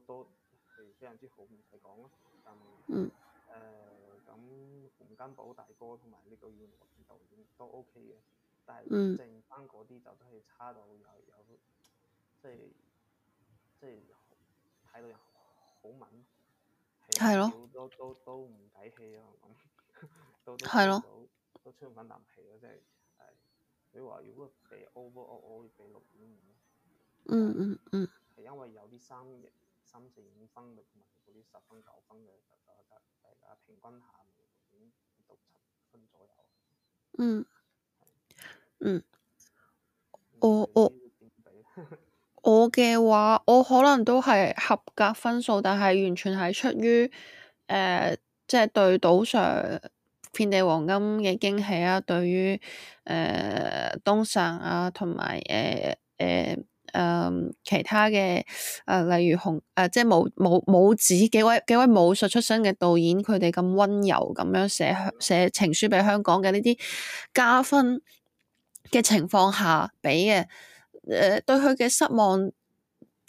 都非常之好，唔使講咯。嗯。咁洪金寶大哥同埋呢個演員導演都 O K 嘅，但係剩翻嗰啲就都係差到有有，即係即係睇到人好悶，係咯，好多都都唔解氣啊！咁都都出唔甩啖氣咯，真係。你話如果俾 over，我我會俾六點五，嗯嗯嗯。三、三、四、五分同埋嗰啲十分、九分嘅，就得大家平均下咪到七分左右。嗯嗯，我我 *laughs* 我嘅話，我可能都係合格分數，但係完全係出於即係、呃就是、對杜 san 遍地黃金嘅驚喜啊！對於誒、呃、東 san 啊，同埋誒誒。呃呃誒，其他嘅誒、呃，例如洪誒、呃，即係武武武子幾位幾位武術出身嘅導演，佢哋咁溫柔咁樣寫寫情書俾香港嘅呢啲加分嘅情況下俾嘅，誒、呃，對佢嘅失望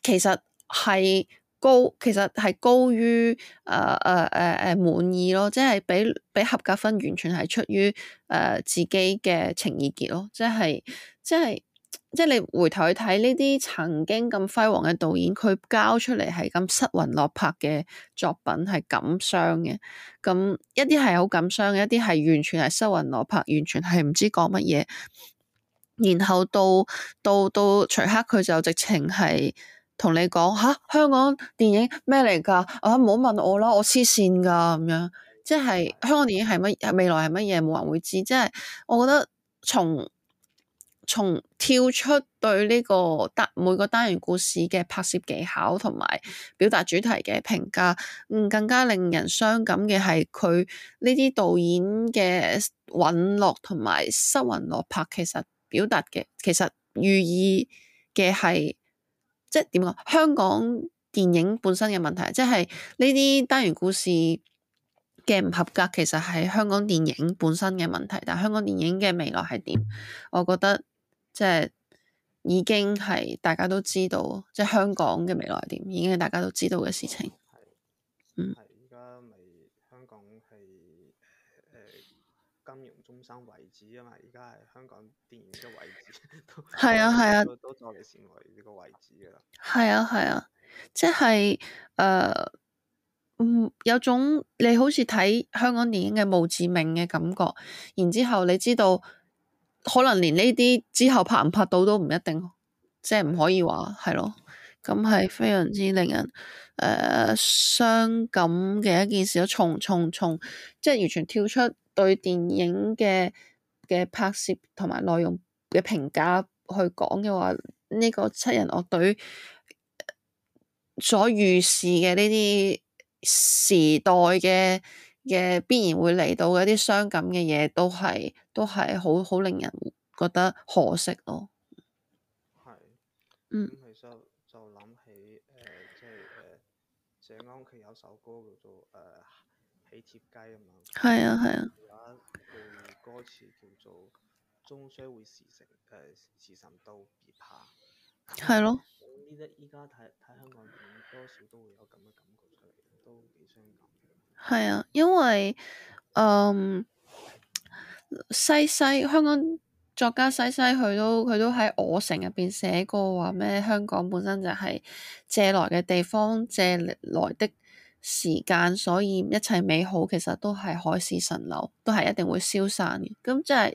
其實係高，其實係高於誒誒誒誒滿意咯，即係俾俾合格分完全係出於誒、呃、自己嘅情意結咯，即係即係。即係你回頭去睇呢啲曾經咁輝煌嘅導演，佢交出嚟，係咁失魂落魄嘅作品，係感傷嘅。咁一啲係好感傷嘅，一啲係完全係失魂落魄，完全係唔知講乜嘢。然後到到到，到徐克佢就直情係同你講，吓，香港電影咩嚟噶？啊，唔好問我啦，我黐綫噶咁樣。即係香港電影係乜？未來係乜嘢？冇人會知。即係我覺得從。從跳出對呢個單每個單元故事嘅拍攝技巧同埋表達主題嘅評價，嗯，更加令人傷感嘅係佢呢啲導演嘅隕落同埋失魂落魄，其實表達嘅其實寓意嘅係即係點講？香港電影本身嘅問題，即係呢啲單元故事嘅唔合格，其實係香港電影本身嘅問題。但香港電影嘅未來係點？我覺得。即係已經係大家都知道，即係香港嘅未來點已經係大家都知道嘅事情。哦、嗯，而家咪香港係誒、呃、金融中心位置啊嘛，而家係香港電影嘅位置都係啊係啊，都收嚟先嚟呢個位置㗎啦。係啊係啊，即係誒，嗯、呃，有種你好似睇香港電影嘅墓誌銘嘅感覺，然之後你知道。可能連呢啲之後拍唔拍到都唔一定，即係唔可以話係咯。咁係非常之令人誒、呃、傷感嘅一件事。從從從，即係完全跳出對電影嘅嘅拍攝同埋內容嘅評價去講嘅話，呢個七人樂隊所預示嘅呢啲時代嘅。嘅必然會嚟到嘅一啲傷感嘅嘢，都係都係好好令人覺得可惜咯。係的。嗯，咁其實就諗起、呃、即係誒謝安琪有首歌叫做喜、呃、喜帖街啊嘛。係啊的，係啊、嗯。嘅歌詞叫做終須會時辰，誒時辰都別怕。係咯的。呢啲依家睇睇香港片，多少都會有咁嘅感覺出嚟，都幾傷感。係啊，因為，嗯，西西香港作家西西佢都佢都喺《我城》入邊寫過話咩？香港本身就係借來嘅地方，借嚟來的時間，所以一切美好其實都係海市蜃樓，都係一定會消散嘅。咁即係，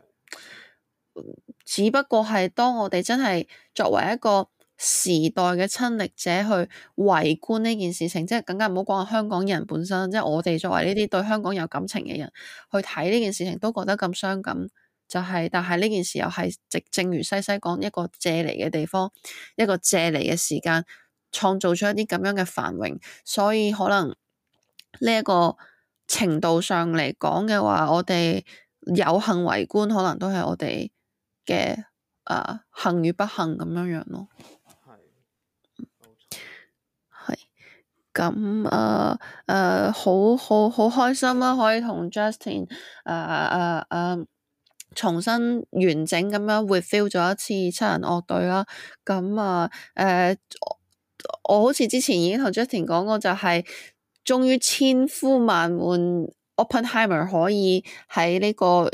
只不過係當我哋真係作為一個。時代嘅親歷者去圍觀呢件事情，即係更加唔好講。香港人本身，即係我哋作為呢啲對香港有感情嘅人，去睇呢件事情都覺得咁傷感。就係、是，但係呢件事又係，正正如西西講，一個借嚟嘅地方，一個借嚟嘅時間，創造出一啲咁樣嘅繁榮。所以可能呢一個程度上嚟講嘅話，我哋有幸圍觀，可能都係我哋嘅誒幸與不幸咁樣樣咯。咁啊，誒、啊，好好好開心啦、啊，可以同 Justin 誒誒誒重新完整咁樣 reveal 咗一次七人樂隊啦。咁啊，誒、啊啊，我好似之前已經同 Justin 講過，就係終於千呼萬喚，Oppenheimer 可以喺呢、這個誒、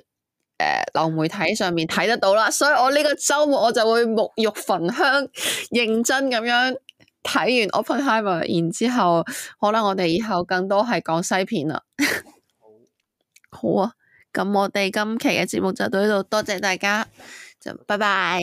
呃、流媒體上面睇得到啦。所以我呢個周末我就會沐浴焚香，認真咁樣。睇完《Oppenheimer》，然之後，可能我哋以後更多係講西片啦。 *laughs* 好啊，咁我哋今期嘅節目就到呢度，多謝大家，就拜拜。